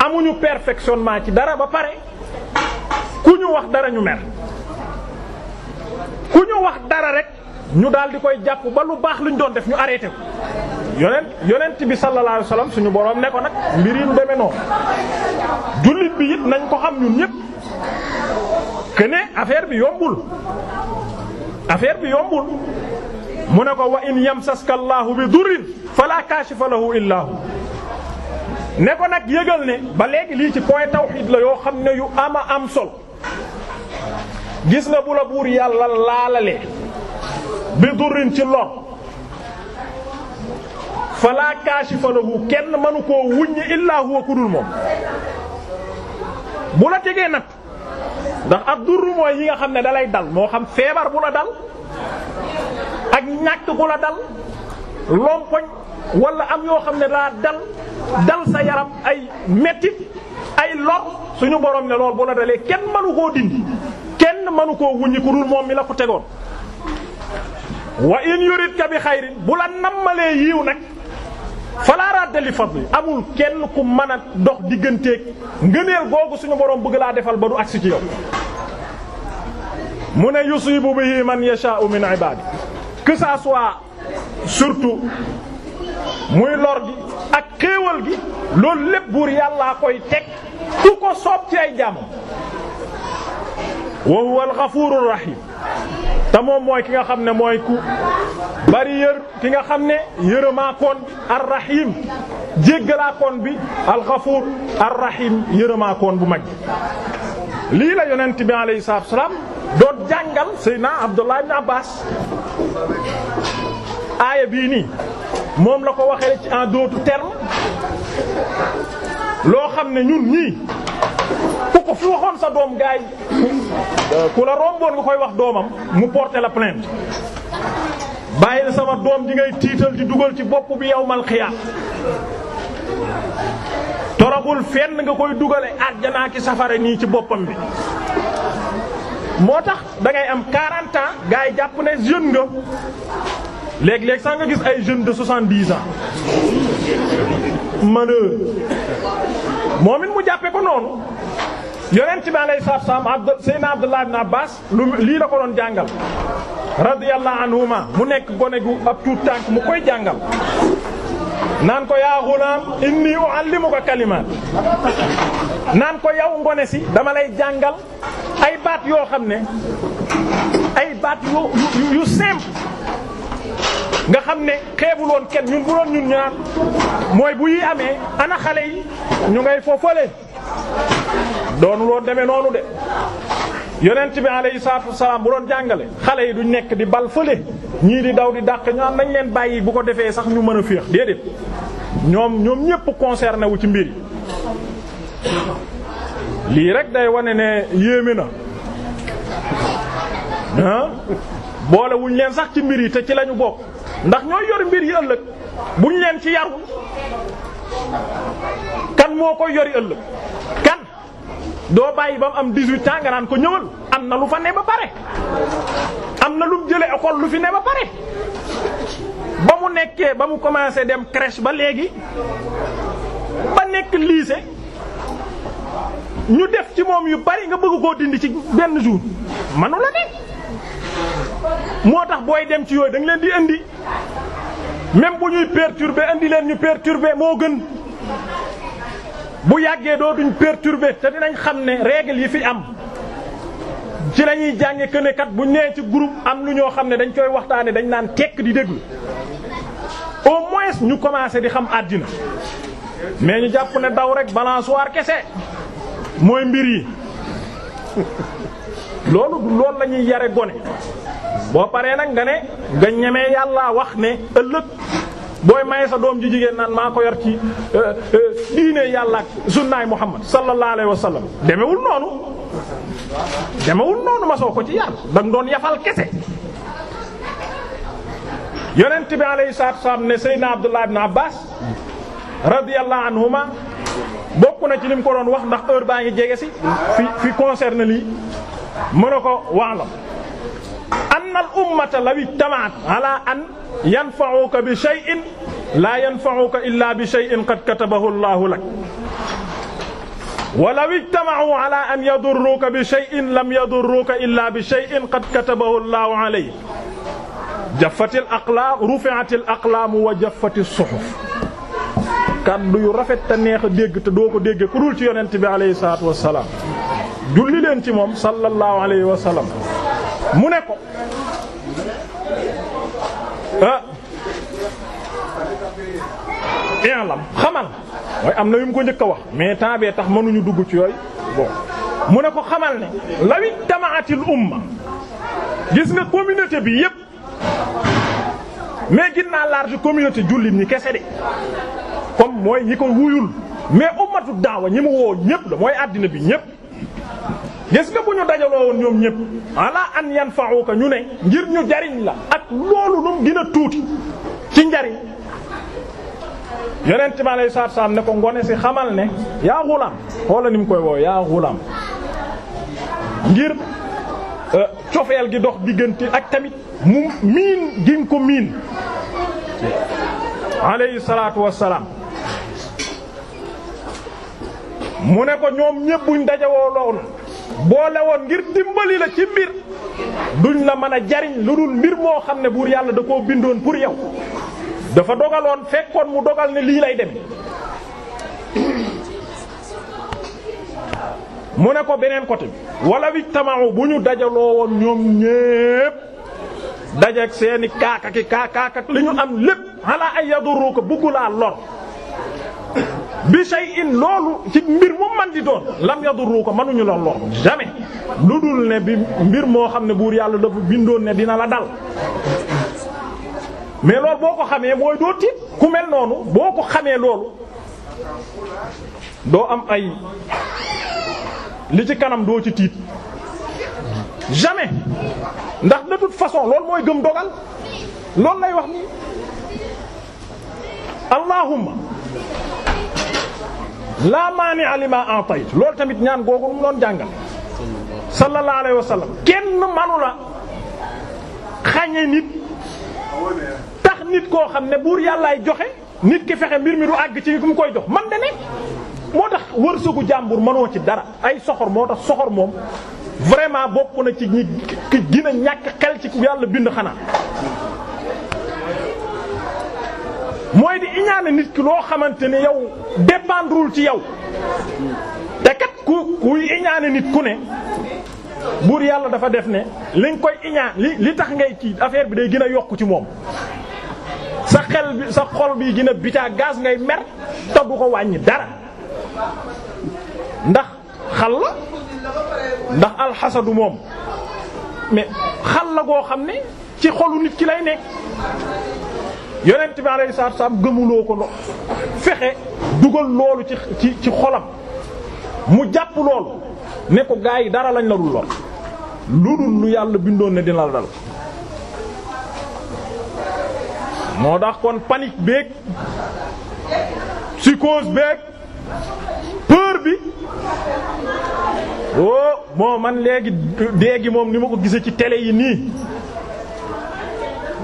amuñu perfectionnement ci dara ba pare ku ñu wax dara ñu mer ku ñu wax dara rek ñu daal di koy jàpp ba lu baax luñ doon def ñu arrêté ko yonent yonent bi sallallahu alayhi wasallam suñu boroom ne ko nag mbir yi demee noonu jullit bi it nañ ko xam ñun ñépp que ne affaire bi yombul affaire bi yombul mu ne ko wa in yamsaska allahu bi durrin fala kashifa lahu illa ne ko nag yëgal ne ba léegi lii ci point tawhid la yoo xam ne yu ama am solo gis nga bu la buur yàlla laalale bi durrin ci lor fala kaashifa lahu kenn mënu koo wuññi illaa kudul moom bu la tegee nag ndax ab durru yi nga xam ne dalay dal moo xam feebar bu la dal ak ñàkk bu la dal lompoñ wala am yoo xam ne daa dal dal sa yaram ay mettit ay lor suñu borom ne lool bu la dalee kenn manu koo dindi kenn mënu koo wuññi ku dul moom mi la ko tegoon. wa in yuridka bi xayrin bu la nammalee yiw nag falaa radda li fadli amul kenn ku mën dox digganteeg ngëneel googu suñu borom bëgg laa defal ba du agsi ci mu ne yusibu bihi man yasha'u min ibadi que ça soit surtout. muy lor gi ak xéewal gi loolu lépp buur yàllaa koy teg ku ko soob ci ay jàmm wa huwa al-ghafurur te moom mooy ki nga xam ne mooy ku bari yër ki nga xam ne yërëmaakoon bi ar-rahim jéggalaakoon bi al-ghafur yërëmaakoon bu mag lii la yonent bi alayhi salaatu doon jàngal Seydina Abdullah ibn Abbas aaya bii nii moom la ko waxee ci en d'autres termes loo xam ne ñun nii ku ko fi waxoon sa doom gaay euh, ku la romboon nga koy wax doomam mu porter la plainte bàyyi la sama doom di ngay tiital di dugal ci bopp bi yawmal xiyaam toroxul fenn nga koy dugale àjjanaa ki safara nii ci boppam bi moo tax dangay ngay am 40 ans gaay jàpp ne jeune nga léeg-léeg sax nga gis ay jeunes de soixante-dix ans man moom it mu jàppe ko noonu yonent bi alayhi salaatu salaam abd Abdullah ibn Abbas lu lii la ko doon jàngal radiyallahu anhuma mu nekk gone gu ab tuut tànk mu koy jàngal naan ko yaa ghulaam inni u'allimuka kalimaat naan ko yow ngone si dama lay jàngal ay baat yoo xam ne ay baat yu yu simple nga xam ne xeebul woon kenn ñun bu doon ñun ñaan mooy bu yi amee ana xale yi ñu ngay foofale doonu loon demee noonu de yonent bi alayhi salaatu wasalaam bu doon jàngale xale yi duñ nekk di bal fële ñii di daw di dàq ñu am nañ leen bàyyi bu ko defee sax ñu mën a féex déedéet ñoom ñoom ñépp concerné wu ci mbir yi lii rek day wane ne yéeme na ah boole wuñ leen sax ci mbir yi te ci lañu bokk ndax ñooy yor mbir yi ëllëg buñ leen ci yarul kan moo koy yori ëllëg kan doo bàyyi ba mu am 18 ans ko ñëwal am na lu fa ne ba pare am na lu mu jëlee école lu fi ne ba pare ba mu nekkee ba mu commencé dem crèche ba léegi ba nekk liise ñu def ci moom yu bari nga bëgg koo dindi ci benn jour manu la ne moo tax booy dem ci yooyu dañ leen di indi même bu ñuy perturber indi leen ñu perturber moo gën bu yàggee dootuñ perturber te dinañ xam ne règle yi fi am ci lañuy ñuy jànge que ne kat bu ñëwee ci groupe am lu ñoo xam ne dañ koy waxtaane dañ naan tekk di déglu au moins ñu commencé di xam àddina mais ñu jàpp ne daw rek balançoire kese mooy mbir yi loolu lool lañuy la ñuy yare gone boo paree nag nga ne nga ñemee yàllaa wax ne ëllëg booy maye sa doom ji jigéen naan maa ko yor ci euh, euh, diine yàlla ak sunnaay muhammad sallallahu alayhi wa sallam demewul noonu demewul noonu ma soo ko ci yàlla danga doon yafal kese yonent bi alayhi salaatu wasallam ne seydna abdullah ibn abbas radiyallahu anhuma bokk na ci lim ko doon wax ndax heure baa ngi jege si fi fi concerne lii mu ne ko waalam anna al ummata law ijtama'at ala an yanfa'uka bi shay'in la yanfa'uka illa bi shay'in qad katabahu Allahu lak wa law ijtama'u ala an yadurruka bi shay'in lam yadurruka illa bi shay'in qad katabahu Allahu alayk jaffati al aqlaam rufi'ati al aqlaam wa jaffati as-suhuf kàddu yu rafet ta neex a dégg te doo ko dégge ku dul ci yonent bi alayhi salaatu wassalaam julli leen ci moom sallallahu alayhi wa sallam mu ne ko ah i'lam xamal mooy am na yu mu ko njëkk a wax mais temps tax mënuñu dugg ci yooyu mu ne ko xamal ne lawit tamaatil umma gis nga communauté bi yépp mais gis naa large communauté jullit kese de mooy ñi ko wuyul mais ummatu daawa ñi mu woo ñépp la mooy àddina bi ñépp gis nga ñu dajaloo woon ñoom ñépp ala an yanfa'uka ñu ne ngir ñu jariñ la ak loolu num gën tuuti ci njariñ yonent bi ne ko ngone si xamal ne yaa xulaam xoola ni koy woow yaa xulaam ngir euh, cofeel gi dox diggante ak tamit mu miin gi ko miin alayhi salaatu wassalaam mu ne ko ñoom ñépp buñ dajawoo loon boole woon ngir dimbali la ci mbir duñ la mën a jariñ lu dul mbir moo xam ne buur yàlla da koo bindoon pour yow dafa dogaloon fekkoon mu dogal ne lii lay dem mu ne ko beneen côté bi wala wi tamaaw bu ñu dajaloo woon ñoom ñépp dajeek seeni kaakaki kaakaakak li ñu am lépp ala ay yaduru ko bëggu laa lor bi say in loolu ci mbir mu man di doon lam yadurru ko mënuñu la lor jamais lu dul ne bi mbir moo xam ne buur yàlla dafa bindoon ne dina la dal mais loolu boo ko xamee mooy doo tiit ku mel noonu boo ko xamee loolu doo am ay li ci kanam doo ci tiit jamais ndax de toute façon loolu mooy gëm dogal loolu lay wax ni allahumma laa aliment limaa a'tayt loolu tamit ñaan googu mu doon jàngal. sallallahu alayhi wa kenn manu la xañe nit tax nit koo xam ne buur yàllaay joxe nit ki fexe mbir mi du àgg ci ku mu koy jox man de ne moo tax wërsëgu jàmbur mënoo ci dara ay soxor moo tax soxor moom vraiment bokk na ci ñi ki gën ñàkk xel ci yàlla bind xanaa mooy di iñaane nit ki loo xamante ne yow dépendrewul ci yow te kat ku kuy iñaane nit ku ne buur yàlla dafa def ne li nga koy iñaan li li tax ngay ci affaire bi day gën a yokk ci moom sa xel bi sa xol bi gën a bitaa gaz ngay mer te du ko wàññi dara ndax xal la ndax alxasadu moom mais xal la goo xam ne ci xolu nit ki lay nekk yonent bi alayhi salaatu salaam gëmuloo ko ndox fexe dugal loolu ci ci ci xolam mu jàpp loolu ne ko gaa yi dara lañ la dul lor lu dul lu yàlla bindoon ne dina la dal. moo tax kon panique beeg psychose beeg peur bi oh bon man léegi déegi moom ni ma ko gisee ci télé yi nii.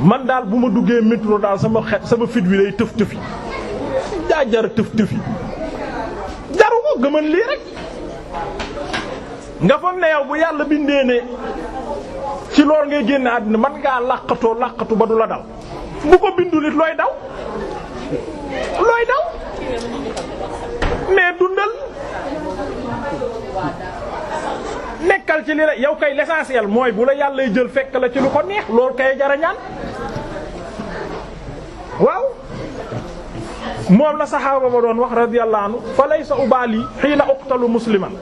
man daal bu ma duggee métro daal sama xet sama fit wi day tëf tëfi daa jar tëf tëfi jaru ko gëman lii rek nga foog ne yow bu yàlla bindee ne ci lool ngay génne àdduna mat ngaa làqatoo làqatu ba du la dal bu ko bindulit looy daw looy daw mais dundal nekkal ci li la yow kay l'essentiel mooy bu la yàllay jël fekk la ci lu ko neex loolu kay jara ñaan waaw moom la saxaaba ba doon wax radiyallahu anhu fa laysa ubaali hiina uqtalu musliman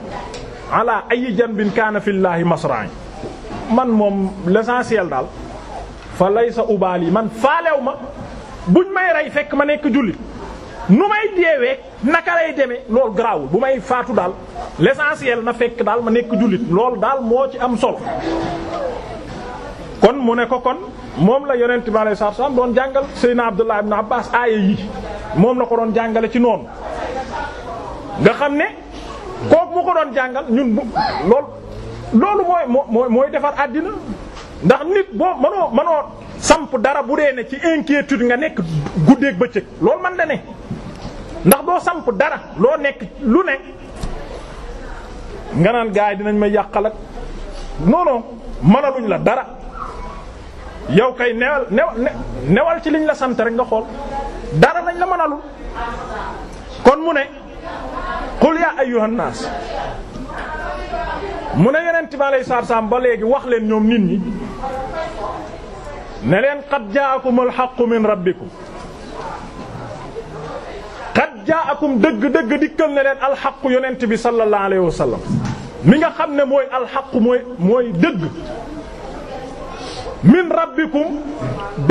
ala ayi janbin kaana fillaahi masra'i man moom l'essentiel daal fa laysa ubaali man faalew ma buñ may rey fekk ma nekk jullit nu may deewee naka lay demee loolu garaawul bu may faatu daal l'essentiel na fekk daal ma nekk jullit lool daal moo ci am sol kon mu ne ko kon moom la yonent bi alayhi salaatu wasallam doon jàngal Seydina Abdullah ibn Abbas aaya yi moom la ko doon jàngale ci noonu nga xam ne kooku mu ko doon jàngal ñun bu loolu mooy mooy defar àddina ndax nit boo mënoo mënoo samp dara bu dee ne ci inquiétude nga nekk guddeeg bëccëg lool man la ne ndax doo samp dara loo nekk lu ne nga naan gars dinañ ma yàqal ak non mënaluñ la dara yow kay newal newal ci liñ la sant rek nga xool dara lañ la mënalul kon mu ne qul ya ayyuhan nas mu ne yeneen time alay sarsam ba léegi wax leen ñoom nit ñi ne leen qad ja'akumul haqqu min rabbikum jaakum dëgg-dëgg dikkal ne leen alxaqu yonent bi sallallahu alayhi wa sallam mi nga xam ne mooy alxaqu mooy mooy dëgg min rabbikum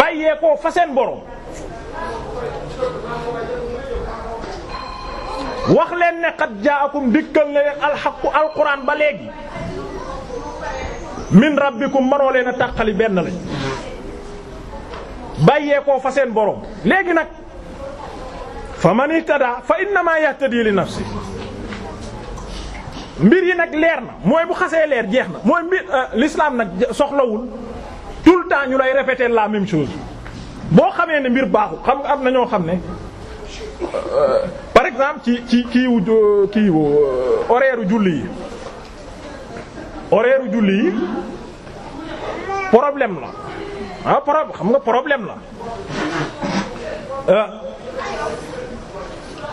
bàyyeekoo fa seen borom wax leen ne xat jaakum dikkal ne leen alxaqu alquran ba léegi min rabbikum manoo leen a tàqali benn lañ bàyyeekoo fa seen borom léegi nag fa man ihtada fa innama yahtadi li nafsi mbir yi nag leer na mooy bu xasee leer jeex na mooy mbir euh, l'islam nag soxlawul tout le temps ñu lay répéter la même chose boo xamee ne mbir baaxu xam nga am na ñoo xam ne euh, par exemple ci ci kiiwu kiiwu euh, horaire julli yi horaire julli yi problème la ah xam nga problème la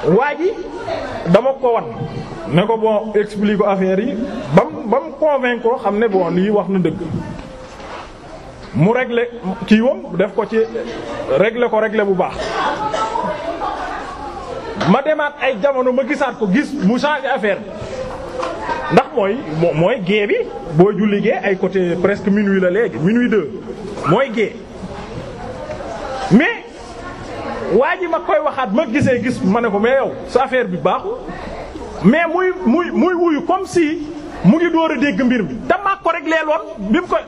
waa ji dama ko wan ne ko bon explique affaire yi ba mu ba mu convaincre ko xam ne bon lii wax na dëgg mu régler kii def ko ci régler ko regle bu baax ma demaat ay jamono ma gisaat ko gis mu changé affaire ndax mooy mooy gée bi boo julli gée ay côté presque minuit la léegi minuit deux mooy gée mais waa ji ma koy waxaat ma gisee gis ma ne ko mais yow sa affaire bi baaxu mais muy muy muy wuyu comme si mu ngi door a dégg mbir mi te maa ko rek leeloon bi mu koy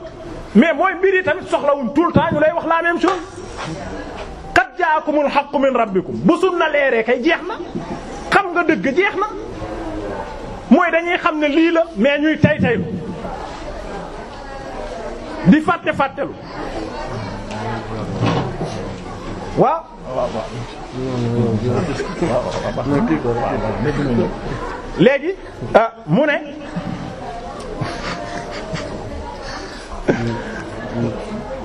mais mooy mbir yi tamit soxlawuñ tout le ñu lay wax la même chose qad jaakumul haqqu min rabbikum bu sunna leeree kay jeex na xam nga dëgg jeex na mooy dañuy xam ne lii la mais ñuy tay taylu di fàtte fàttelu waaw léegi ah, mu ne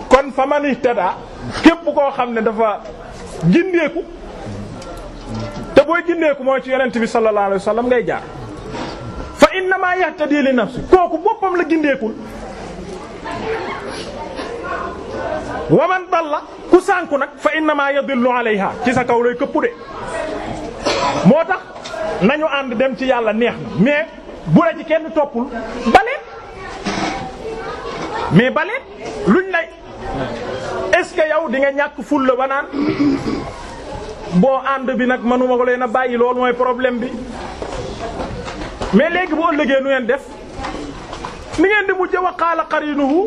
kon fa man ihtada képp koo xam ne dafa gindeeku te booy gindeeku mooy ci yonent bi sallallahu alayhi wasallam ngay jaar fa innama yahtadi li nafsi kooku boppam la gindeekul waman dalla ku sànku nag fa innama yadillu alayha ci sa kaw lay këppu de moo tax nañu ànd dem ci yàlla neex na mais bu la kenn toppul baleet mais baleet luñ lay est-ce que yow di nga ñàkk ful la ba naan boo ànd bi nag manuma leen a bàyyi loolu mooy problème bi mais léegi bu ëllëgee nu ngeen def ni ngeen di mujj wa qaala qarinuhu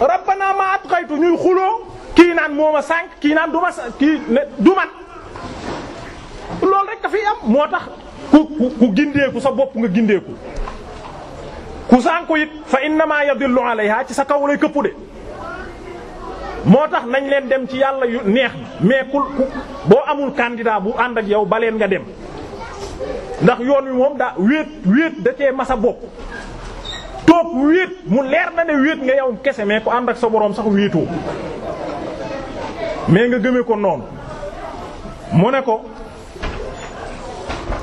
rabbana ma at xaytu ñuy xuloo kii naan moo ma sànq kii naan du ma kii ne du man loolu rek dafay am moo tax ku ku gindeeku sa bopp nga gindeeku ku sànku it fa innama yadillu alayha ci sa kaw lay këppu de moo tax nañ leen dem ci yàlla yu neex mais ku boo amul candidat bu ànd ak yow baleen nga dem ndax yoon wi moom daa wéet wéet da cee masa bopp toog wéet mu leer na ne wéet nga yow kese mais ku ànd ak sa boroom sax wéetoo mais nga gëmee ko noonu mu ne ko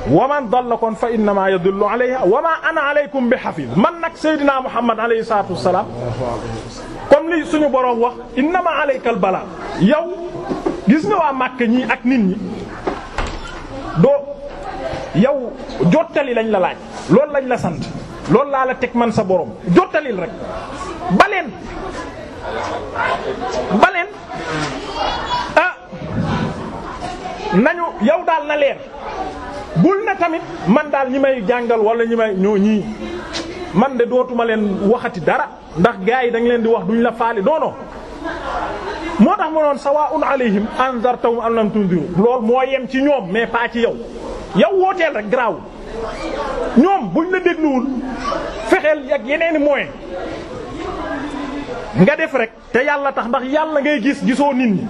waman dalla kon fa innama yadullu alayha wa ma ana alaykum bi hafiz man nag sayyidina muhammad alayhi salatu wassalam comme li suñu boroom wax innama alaykal balaa yow gis nga waa Màkka ñii ak nit ñi doo yow jottali lañ la laaj loolu lañ la sant loolu laa la teg man sa borom jottalil rek baleen baleen ah nañu yow daal na leer bul na tamit man daal ñi may jàngal walla ñi may ñoo ñii man de dootuma leen waxati dara ndax gars yi dañ leen di wax duñ la faali non moo tax ma noon sawaa'un alayhim anzartahum am lam tundiru loolu moo yem ci ñoom mais pas ci yow yow wooteel rek garaawul ñoom buñ la dégluwul fexeel ak yeneeni moyens nga def rek te yàlla tax ndax yàlla ngay gis gisoo nit ñi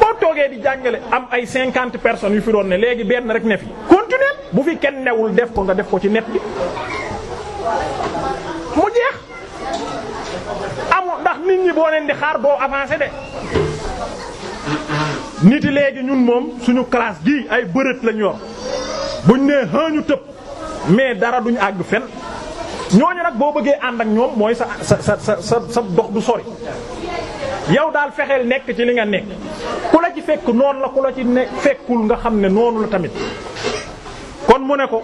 boo toogee di jàngale am ay cinquante personnes yu fi doon ne léegi benn rek ne fi continuer bu fi kenn newul def ko nga def ko ci net bi mu jeex amul ndax nit ñi boo leen di xaar doo avancer de nit yi léegi ñun moom suñu classe gi ay bërët lañ yor buñ nee xaañu tëb mais dara duñ àgg fen ñooñu nag boo bëggee ànd ak ñoom mooy sa sa sa sa sa dox du sori yow daal fexeel nekk ci li nga nekk ku la ci fekk noonu la ku la ci nekk fekkul nga xam ne noonu la tamit kon mu ne ko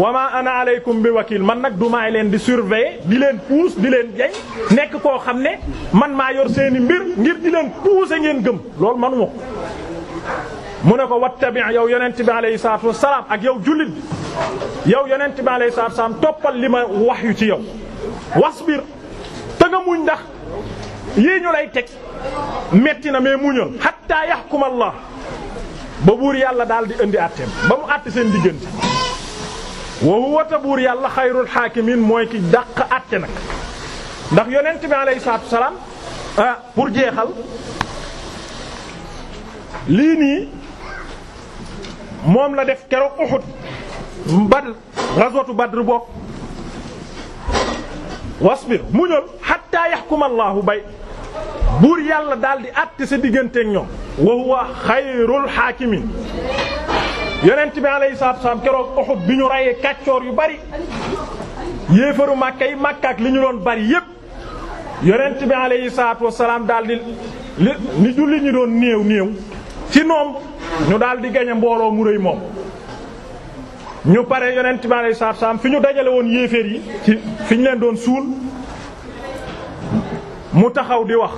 wama ana aleykum bi wakil man nag du maay leen di surveiller di leen puus di leen jeñ nekk koo xam ne man maa yor seeni mbir ngir di leen puuse ngeen gëm lool man ko mu ne ko wattabi yow yonent bi alayhi salaatu wassalaam ak yow jullit bi yow yonent bi alayhi salaatu wassalaam toppal li ma wax yu ci yow wasbir te muñ ndax yii ñu lay teg metti na mais muñal hatta yahkum Allah ba buur yàlla daal di indi àtteem ba mu àtte seen diggante wa huwa buur yàlla xayrul haakimiin mooy ki dàq ndax yonent bi alayhi salaatu wassalaam ah jeexal lii nii moom na def keroog Uhud Badr ghazwatu Badr bokk wasbir muñal hatta yahkuma Allahu bay buur yàlla daal di àtte sa digganteeg ñoom wa huwa xayrul haakimiin yonent bi alayhi salaatu wassalaam keroog Uhud bi ñu rayee kàccoor yu bari yéefaru Makka yi Makka ak li ñu doon bari yépp yonent bi alayhi salaatu wassalaam daal di li doon néew néew ci noom ñu daal di gañe mbooloo mu rëy moom ñu pare yonent bi alayhi salaatu salaam fi ñu dajale woon yéeféer yi ci fiñ leen doon suul mu taxaw di wax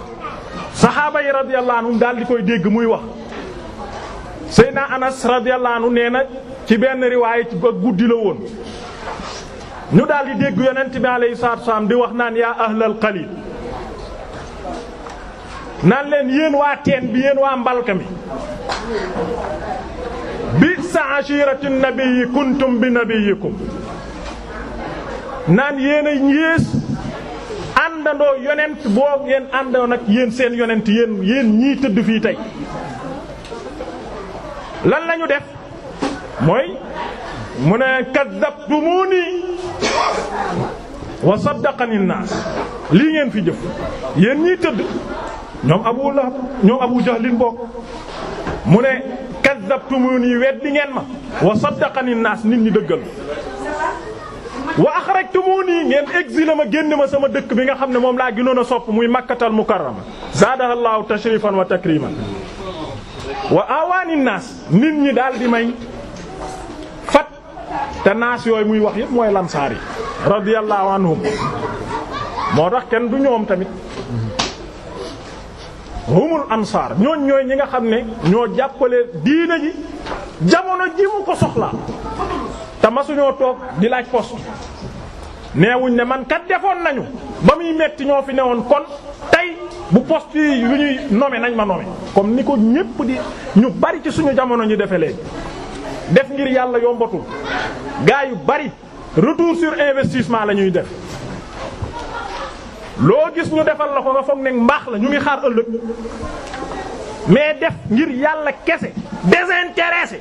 saxaaba yi radiyallahu anhum daal di koy dégg muy wax Seydina Anas radiyallahu anhu nee na ci benn riwaay ci guddi la woon ñu daal di dégg yonent bi alayhi salaatu salaam di wax naan yaa ahlal qalil naan leen yéen waa teen bi yéen waa mbalka bi sa ashirati nabiyyi kuntum bi nabiyyikum naan yéen a yées àndandoo yonent boo ngeen àndandoo nag yéen seen yonent yéen yéen ñii tëdd fii tey lan lañu def mooy mu ne kaddabtumuni wa saddaqani naas lii ngeen fi jëf yéen ñii tëdd ñoom Abu Lahab ñoom Abu Jahlin bokk mu ne kazzabtumuni weddi ngeen ma wa saddaqani naas nit ñi dëggal wa axrajtumuni ngeen exilé ma génn ma sama dëkk bi nga xam ne moom laa gënoon a sopp muy makkatal mukarrama zaadaha Allahu tashrifan wa takriman wa awaani naas nit ñi daal di may fat te naas yooyu muy wax yëpp mooy lansaar yi radiyallahu anhum moo tax kenn du ñoom tamit humul ansaar ñooñ ñooy ñi nga xam ne ñoo jàppale diina ji jamono ji mu ko soxlaa te masuñoo toog di laaj poste neewuñ ne man kat defoon nañu ba muy metti ñoo fi ne woon kon tey bu poste yi yu ñuy nommer nañ ma nommer comme ni ko ñépp di ñu bari ci suñu jamono ñu defe léegi def ngir yàlla yombatul gaa yu bari retour sur investissement la ñuy def loo gis ñu defal la ko nga foog ne mbaax la ñu ngi xaar ëllëg mais def ngir yàlla kese désintéressé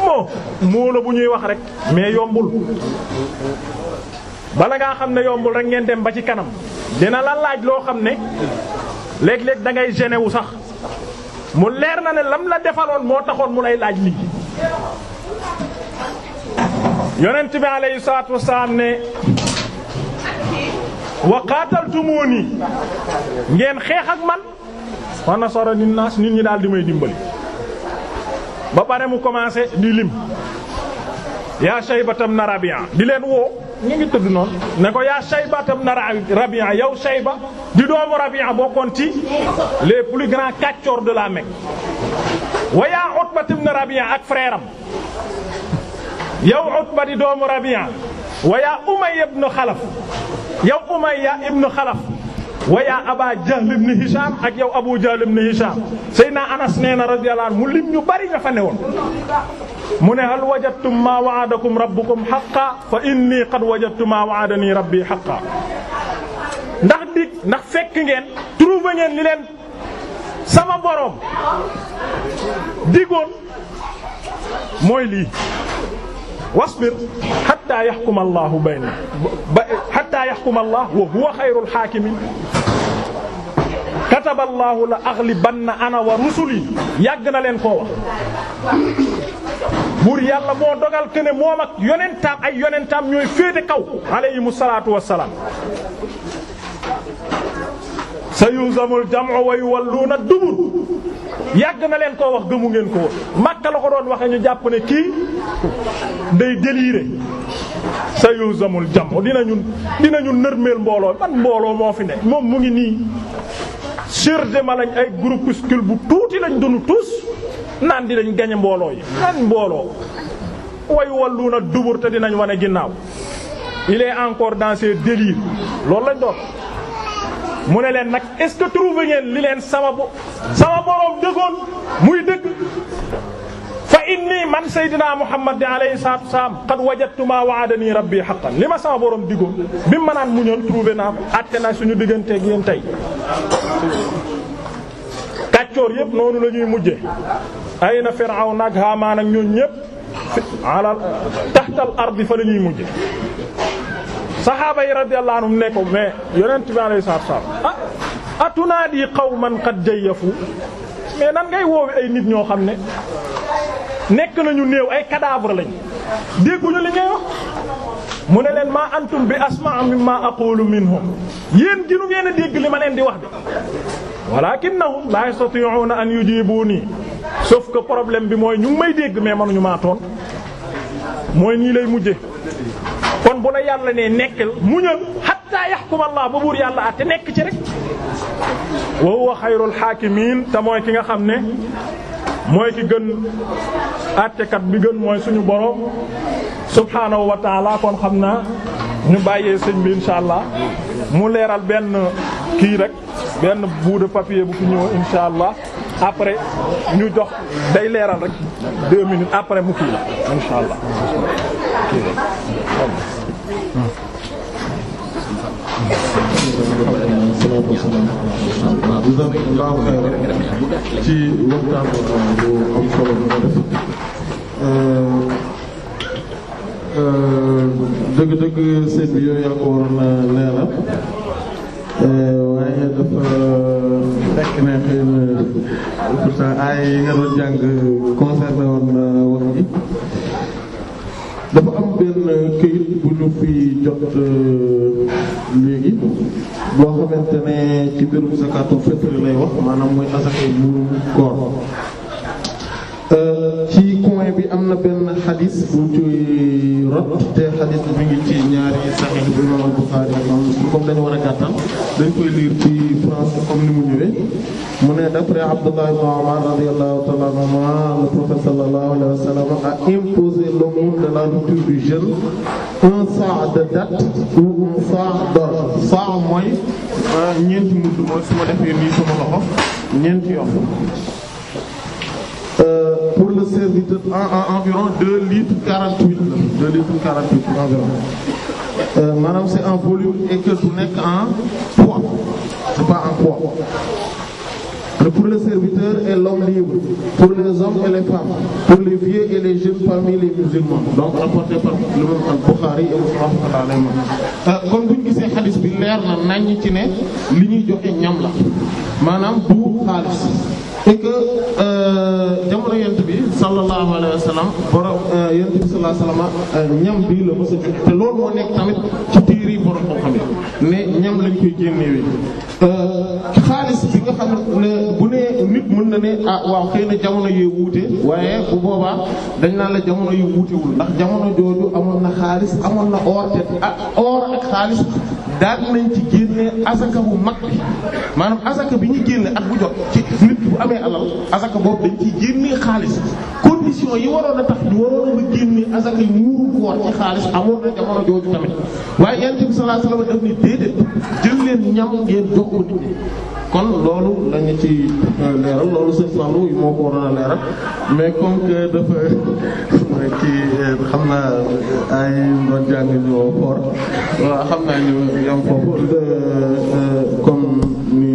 moo moo la bu ñuy wax rek mais yombul bala ngaa xam ne yombul rek ngeen dem ba ci kanam dina la laaj loo xam ne léeg-léeg da ngay gêné wu sax mu leer na ne lam la defaloon moo taxoon mu lay laaj lii yonent bi alayhi salaatu wassalaam ne wa qataltumuni ngeen xeex ak man wa nasarani naas nit ñi daal di may dimbali ba pare mu commencé di lim yaa shaybatam na rabi'a di leen woo ñu ngi tudd noonu ne ko yaa shaybatam na rabi'a yow shayba di doomu rabi'a bokkoon ci les plus grands catcheurs de la Mecque wa yaa utbatam na rabi'a ak frère yow Utba di doomu Rabi'a wa yaa Umayya ibn Xalaf yow Umayya ibn Xalaf wa yaa Aba Jahl ibn Hisham ak yow Abu Jahl ibn Hisham Seydina Anas nee na radiyallahu anhu mu lim ñu bari nga fa newoon mu ne hal wajadtum ma wa'adakum rabbukum haqqan fa inni qad wajadtu ma wa'adani rabbi haqqan ndax dig ndax fekk ngeen trouver ngeen li leen sama boroom digoon mooy lii wasbir xatta yaxkum allahu bayna ba xatta yaxkum allah wa huwa xayrul xaakimiin kataba allahu la aghlibanna ana wa rusuli yàgg na leen koo wax buur yàlla moo dogal ke ne moom ak yonentaam ay yonentaam ñooy féete kaw alayhimu salaatu wassalaam sayuzamul jam'u wa yuwalluuna dubur yàgg na leen koo wax gëmu ngeen ko Makka la ko doon waxe ñu jàpp ne kii day déliré sayuzamul jam'u dinañu dinañu nërmeel mbooloo ban mbooloo moo fi ne moom mu ngi nii surgé ma lañ ay groupuscule bu tuuti lañ dunu tus naan di lañ gañe mbooloo yi naan mbooloo way walluuna dubur te dinañ wane ginnaaw il est encore dans ses délires loolu lañ doon mu ne leen nag est-ce que trouvé ngeen li leen sama bo sama boroom dëggoon muy dëgg fa inni man sayyidina Muhammad di alayhi qad wajadtu ma wa'adani rabbi haqqan li ma sama boroom diggoon bi mu mënaan mu ñoon trouvé naa ko àtte naa suñu digganteeg yéen tey kàccoor yépp noonu la ñuy mujje ay na Fir'awn ak Haamaan ak ñoom ñépp alal tahtal fa la mujje saxaaba yi radiyallahu anhum ne mais yonent bi alayhi a wa salaam ah atunaadi qawman qad jayyafu mais nan ngay woowi ay nit ñoo xam ne nekk nañu néew ay cadavre lañ dégguñu li ngay wax mu ne leen maa antum bi asma'a mimma aqulu minhum yéen ginu ngeen a dégg li ma leen di wax naw walakinnahum la yastati'una an yujibuni sauf que problème bi mooy ñu ngi may dégg mais mënuñu maa toon mooy nii lay mujje kon bu na yàlla ne nekkal muñal hatta yahkum allah ba buur yàlla àtte nekk ci rek wa huwa xayrul haakimiin te mooy ki nga xam ne mooy ki gën àttekat bi gën mooy suñu borom subhaanahu wa taala kon xam naa ñu bàyyee sëñ bi insha allah mu leeral benn kii rek benn bout de papier bu fi ñëw insha allah après ñu jox day leeral rek deux minutes après mu kii la insha waaw di ci waxtaan bu am solo bi nga def euh, euh, dëgg-dëgg yooyu yaa ko waroon a euh, waaye dafa fekk ne xëy na pourtant ay yi nga doon jàng concerné na wax ji dafa am benn këyit bu ñu fi jot léegi. boo xamante ne ci mbirum zakatul fitr lay wax maanaam mooy asakay bu koor ci coin bi am na benn xadis bu ci rot te xadis bi ngi ci ñaari saxiix bi imam al-Buxaari comme dañu war a gàttal dañ koy lire ci français comme ni mu ñëwee mu ne d'après Abdullah ibn Umar radiyallahu ta'ala anhuma le prophète sallallahu alayhi wa sallam a imposé le mot de la rupture du jeûne un sa' de date ou un sa' d'orge sa' mooy ah, ñeenti mudd mooy su ma defee nii sama loxo ñeenti yoon Euh, pour le serviteur environ 2 litres 48 la 2 litres 48 environ euh, maanaam c'est en volume et que du nekk en poids pas en poids pour le serviteur et l'homme libre pour les hommes et les femmes pour les vieux et les jeunes parmi les musulmans donc rapporté par le même al-Bukhari et Muslim rahmatullah euh, kon buñu gisee xadis bi leer na nañ ci ne li ñuy joxe ñam la maanaam bu xaalis et que euh, jamono yent bi sallallahu alayhi wa sallam borom euh, yent bi sallallahu wa sallam euh, ñam bii la mos a te loolu moo nekk tamit ci téere borom xam ne ñam lañ koy génnewee xaalis bi nga xam ne bu nee nit mën na ne ah waaw xëy na jamono yee wuute waaye bu boobaa dañ naan la jamono yu wuutewul ndax jamono jooju amoon na xaalis amoon na or te ah or ak xaalis daan nañ ci génne asaka bu mag bi maanaam asaka bi ñu génne at bu jot ci nit bu amee alal asaka boobu dañ ciy génne xaalis condition yi waroon a tax ñu waroon a génne asaka yi muuru koor ci xaalis amoon na jamono jooju tamit waaye yonent bi sallallahu a wasallam daf déedéet jël leen ñam ngeen jox ko nit ñi kon loolu la ñu ci euh, leeral loolu sëñ Fallou moo ko waroon a leeral mais comme que dafa kii euh, xam naa ay doon jàng ñu foor waaw xam naa ñu yam foofu euh, comme ni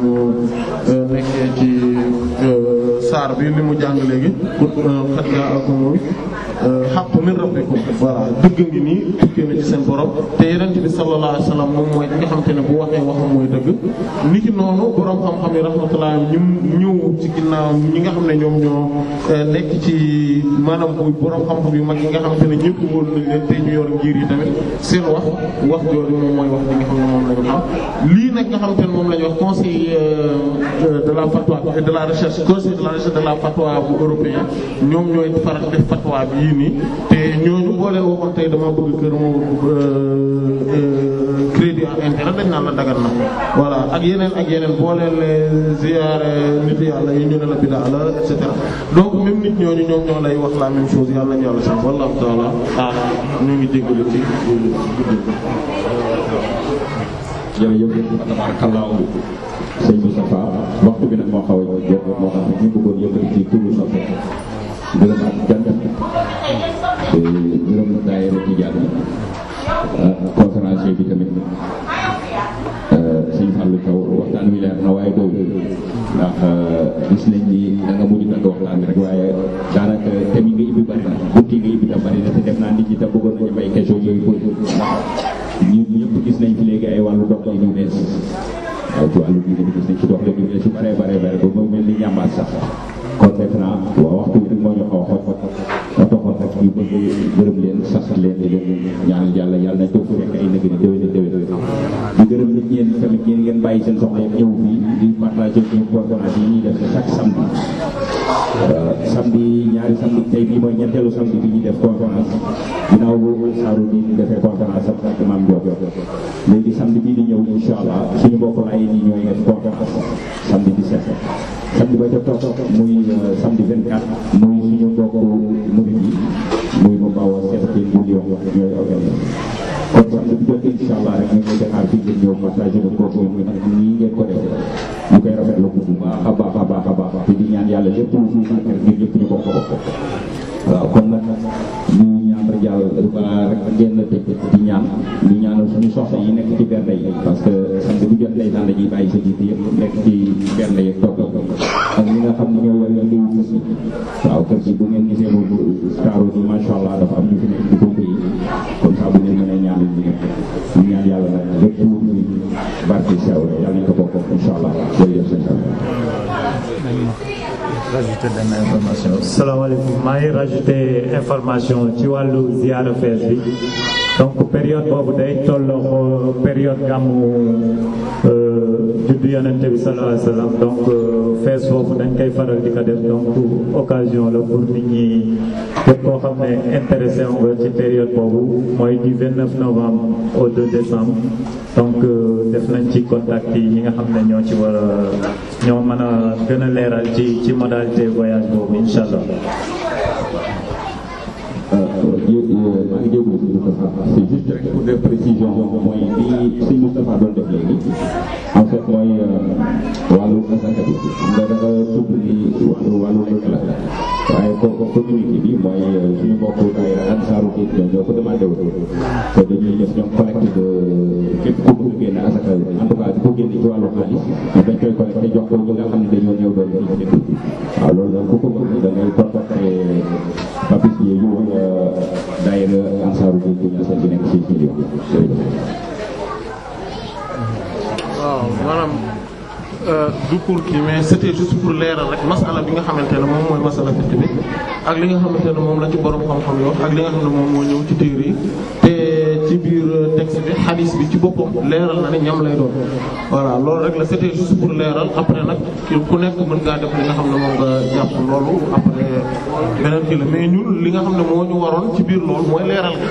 mu nekkee ci saar bi li mu jàng léegi pour xat nga ak moom xaq min rabbikum voilà dëgg ngi nii tukkee na ci seen borom te yonent bi sallallahu alayhi wasallam moom mooy nga xam te ne bu waxee waxam mooy dëgg ni ki noonu borom xam-xam yi rahmatullah ñu ñëw ci ginnaaw ñi nga xam ne ñoom ñoo eh, nekk ci maanaam bu borom xam-xam yu mag yi nga xam te ne ñëpp wóor nañ leen te yi tamit seen wax wax jooju moom mooy wax bi nga xam ne moom lañu xam lii nag nga wax conseil euh, de la fatwa de la recherche conseil de la recherche de la bu européen ngi nii te ñooñu boole woo ko tey dama bëgg kër moom euh, euh, crédit ak intérêt dañ naan la dagan na voilà ak yeneen ak yeneen boole leen ziyaare nit yàlla yi ñu ne la bidaa la et cetera donc même nit ñooñu ñoom ñoo lay wax la même chose yàlla ñu yàlla sax wallahu taala alam ah, ñu ngi jégalu ci guddi jërëjëf tabarakallahu sëñ Moustapha waxtu bi nag moo xaw a jot moo tax ñu bëggoon yëkkati ci turu sa mbirum ak jant mbirum daayira tijaan bi tamit sëñ na waaye boobu ndax gis nañ ni da nga mujj waaye daanaka thème yi nga ibbi bari na bunti nga ibbi tam bari te def naa nit ñi tam bëggoon nañu may question yooyu pour ñun ñëpp gis nañ fi léegi ay wàllu dox yi ñu bees waaye ci wàllu bii gis nañ ci dox yi ñu bees yu bare bare bare ba mel ni ñàmbaat sax kon def naa waa waxtu moo ñu ko xool ba toogoon ak kii bëgg gërëm leen sax leen di leen ñaanal yàlla yàlla nañ ko fekk ay nëgëri déwén déwén di gërëm nit ñeen tamit yéen ngeen bàyyi seen soxla yëpp ñëw fii di yi ñuy def chaque samedi euh, samedi ñaari samedi ñetteelu samedi bi ñuy def conférence ginnaaw boobu saaru nii ñu defee conférence ak ak maam Diop léegi samedi bii di ñëw incha allah suñu mbokk laay nii ñooy def conférence samedi 17 samedi ba ca topp muy euh, samedi 24 muy suñu mbokku murid yi muy mu baaw a seet ci ñun yoo xam ñooy bu jot incha allah rek ñu ngi xaar fii ngeen ñëw massage de corps yi ak ko defee ñaan yàlla lépp lu ñu fàttali ngir ko ko waaw kon nag ñu ñaan rek yàlla rek ngeen tëj di ñaan. benn information. salaamaaleykum maa ngi rajouté information ci wàllu ziara Fès bi donc période boobu day tolloo période gàmmu euh, juddu yonente bi sallallahu alayhi wa donc euh, Fès boobu dañ koy faral di ko def donc occasion la pour nit képp koo xam ne intéressé nga ci période boobu mooy du 29 novembre au 2 décembre donc euh, def nañ ci contact yi ñi nga xam ne ñoo ci war a ñoo mën a gën a leeral ci ci modalité voyage boobu incha allah. c'est juste rek pour des précisions mooy li si Moustapha doon def léegi en fait euh, mooy wàllu asaka bi xam nga da nga tudd ni wàllu kooku communauté ñoo ko demandé wu te dañuy def ñoom collecte de képp ku bëgg génn asaka en ku génn ci wàllu xaalis dañ koy collecté jox nga xam ne dañoo ñëw doon waaw loolu nag ku ñaasal bi waaw maanaam euh, du pour kii mais c'était juste pour leeral rek masala bi nga xamante ne moom mooy masala fiqh bi ak li nga xamante ne moom la ci borom xam moo ñëw ci téere yi te ci biir texte bi xadis bi ci boppam leeral na ne ñam lay doon voilà loolu rek la c'était juste pour leeral après nag ki ku nekk mën ngaa def li nga xam ne moom nga jàpp loolu après beneen kii la mais ñun li nga xam ne moo ñu waroon ci biir loolu mooy leeral gi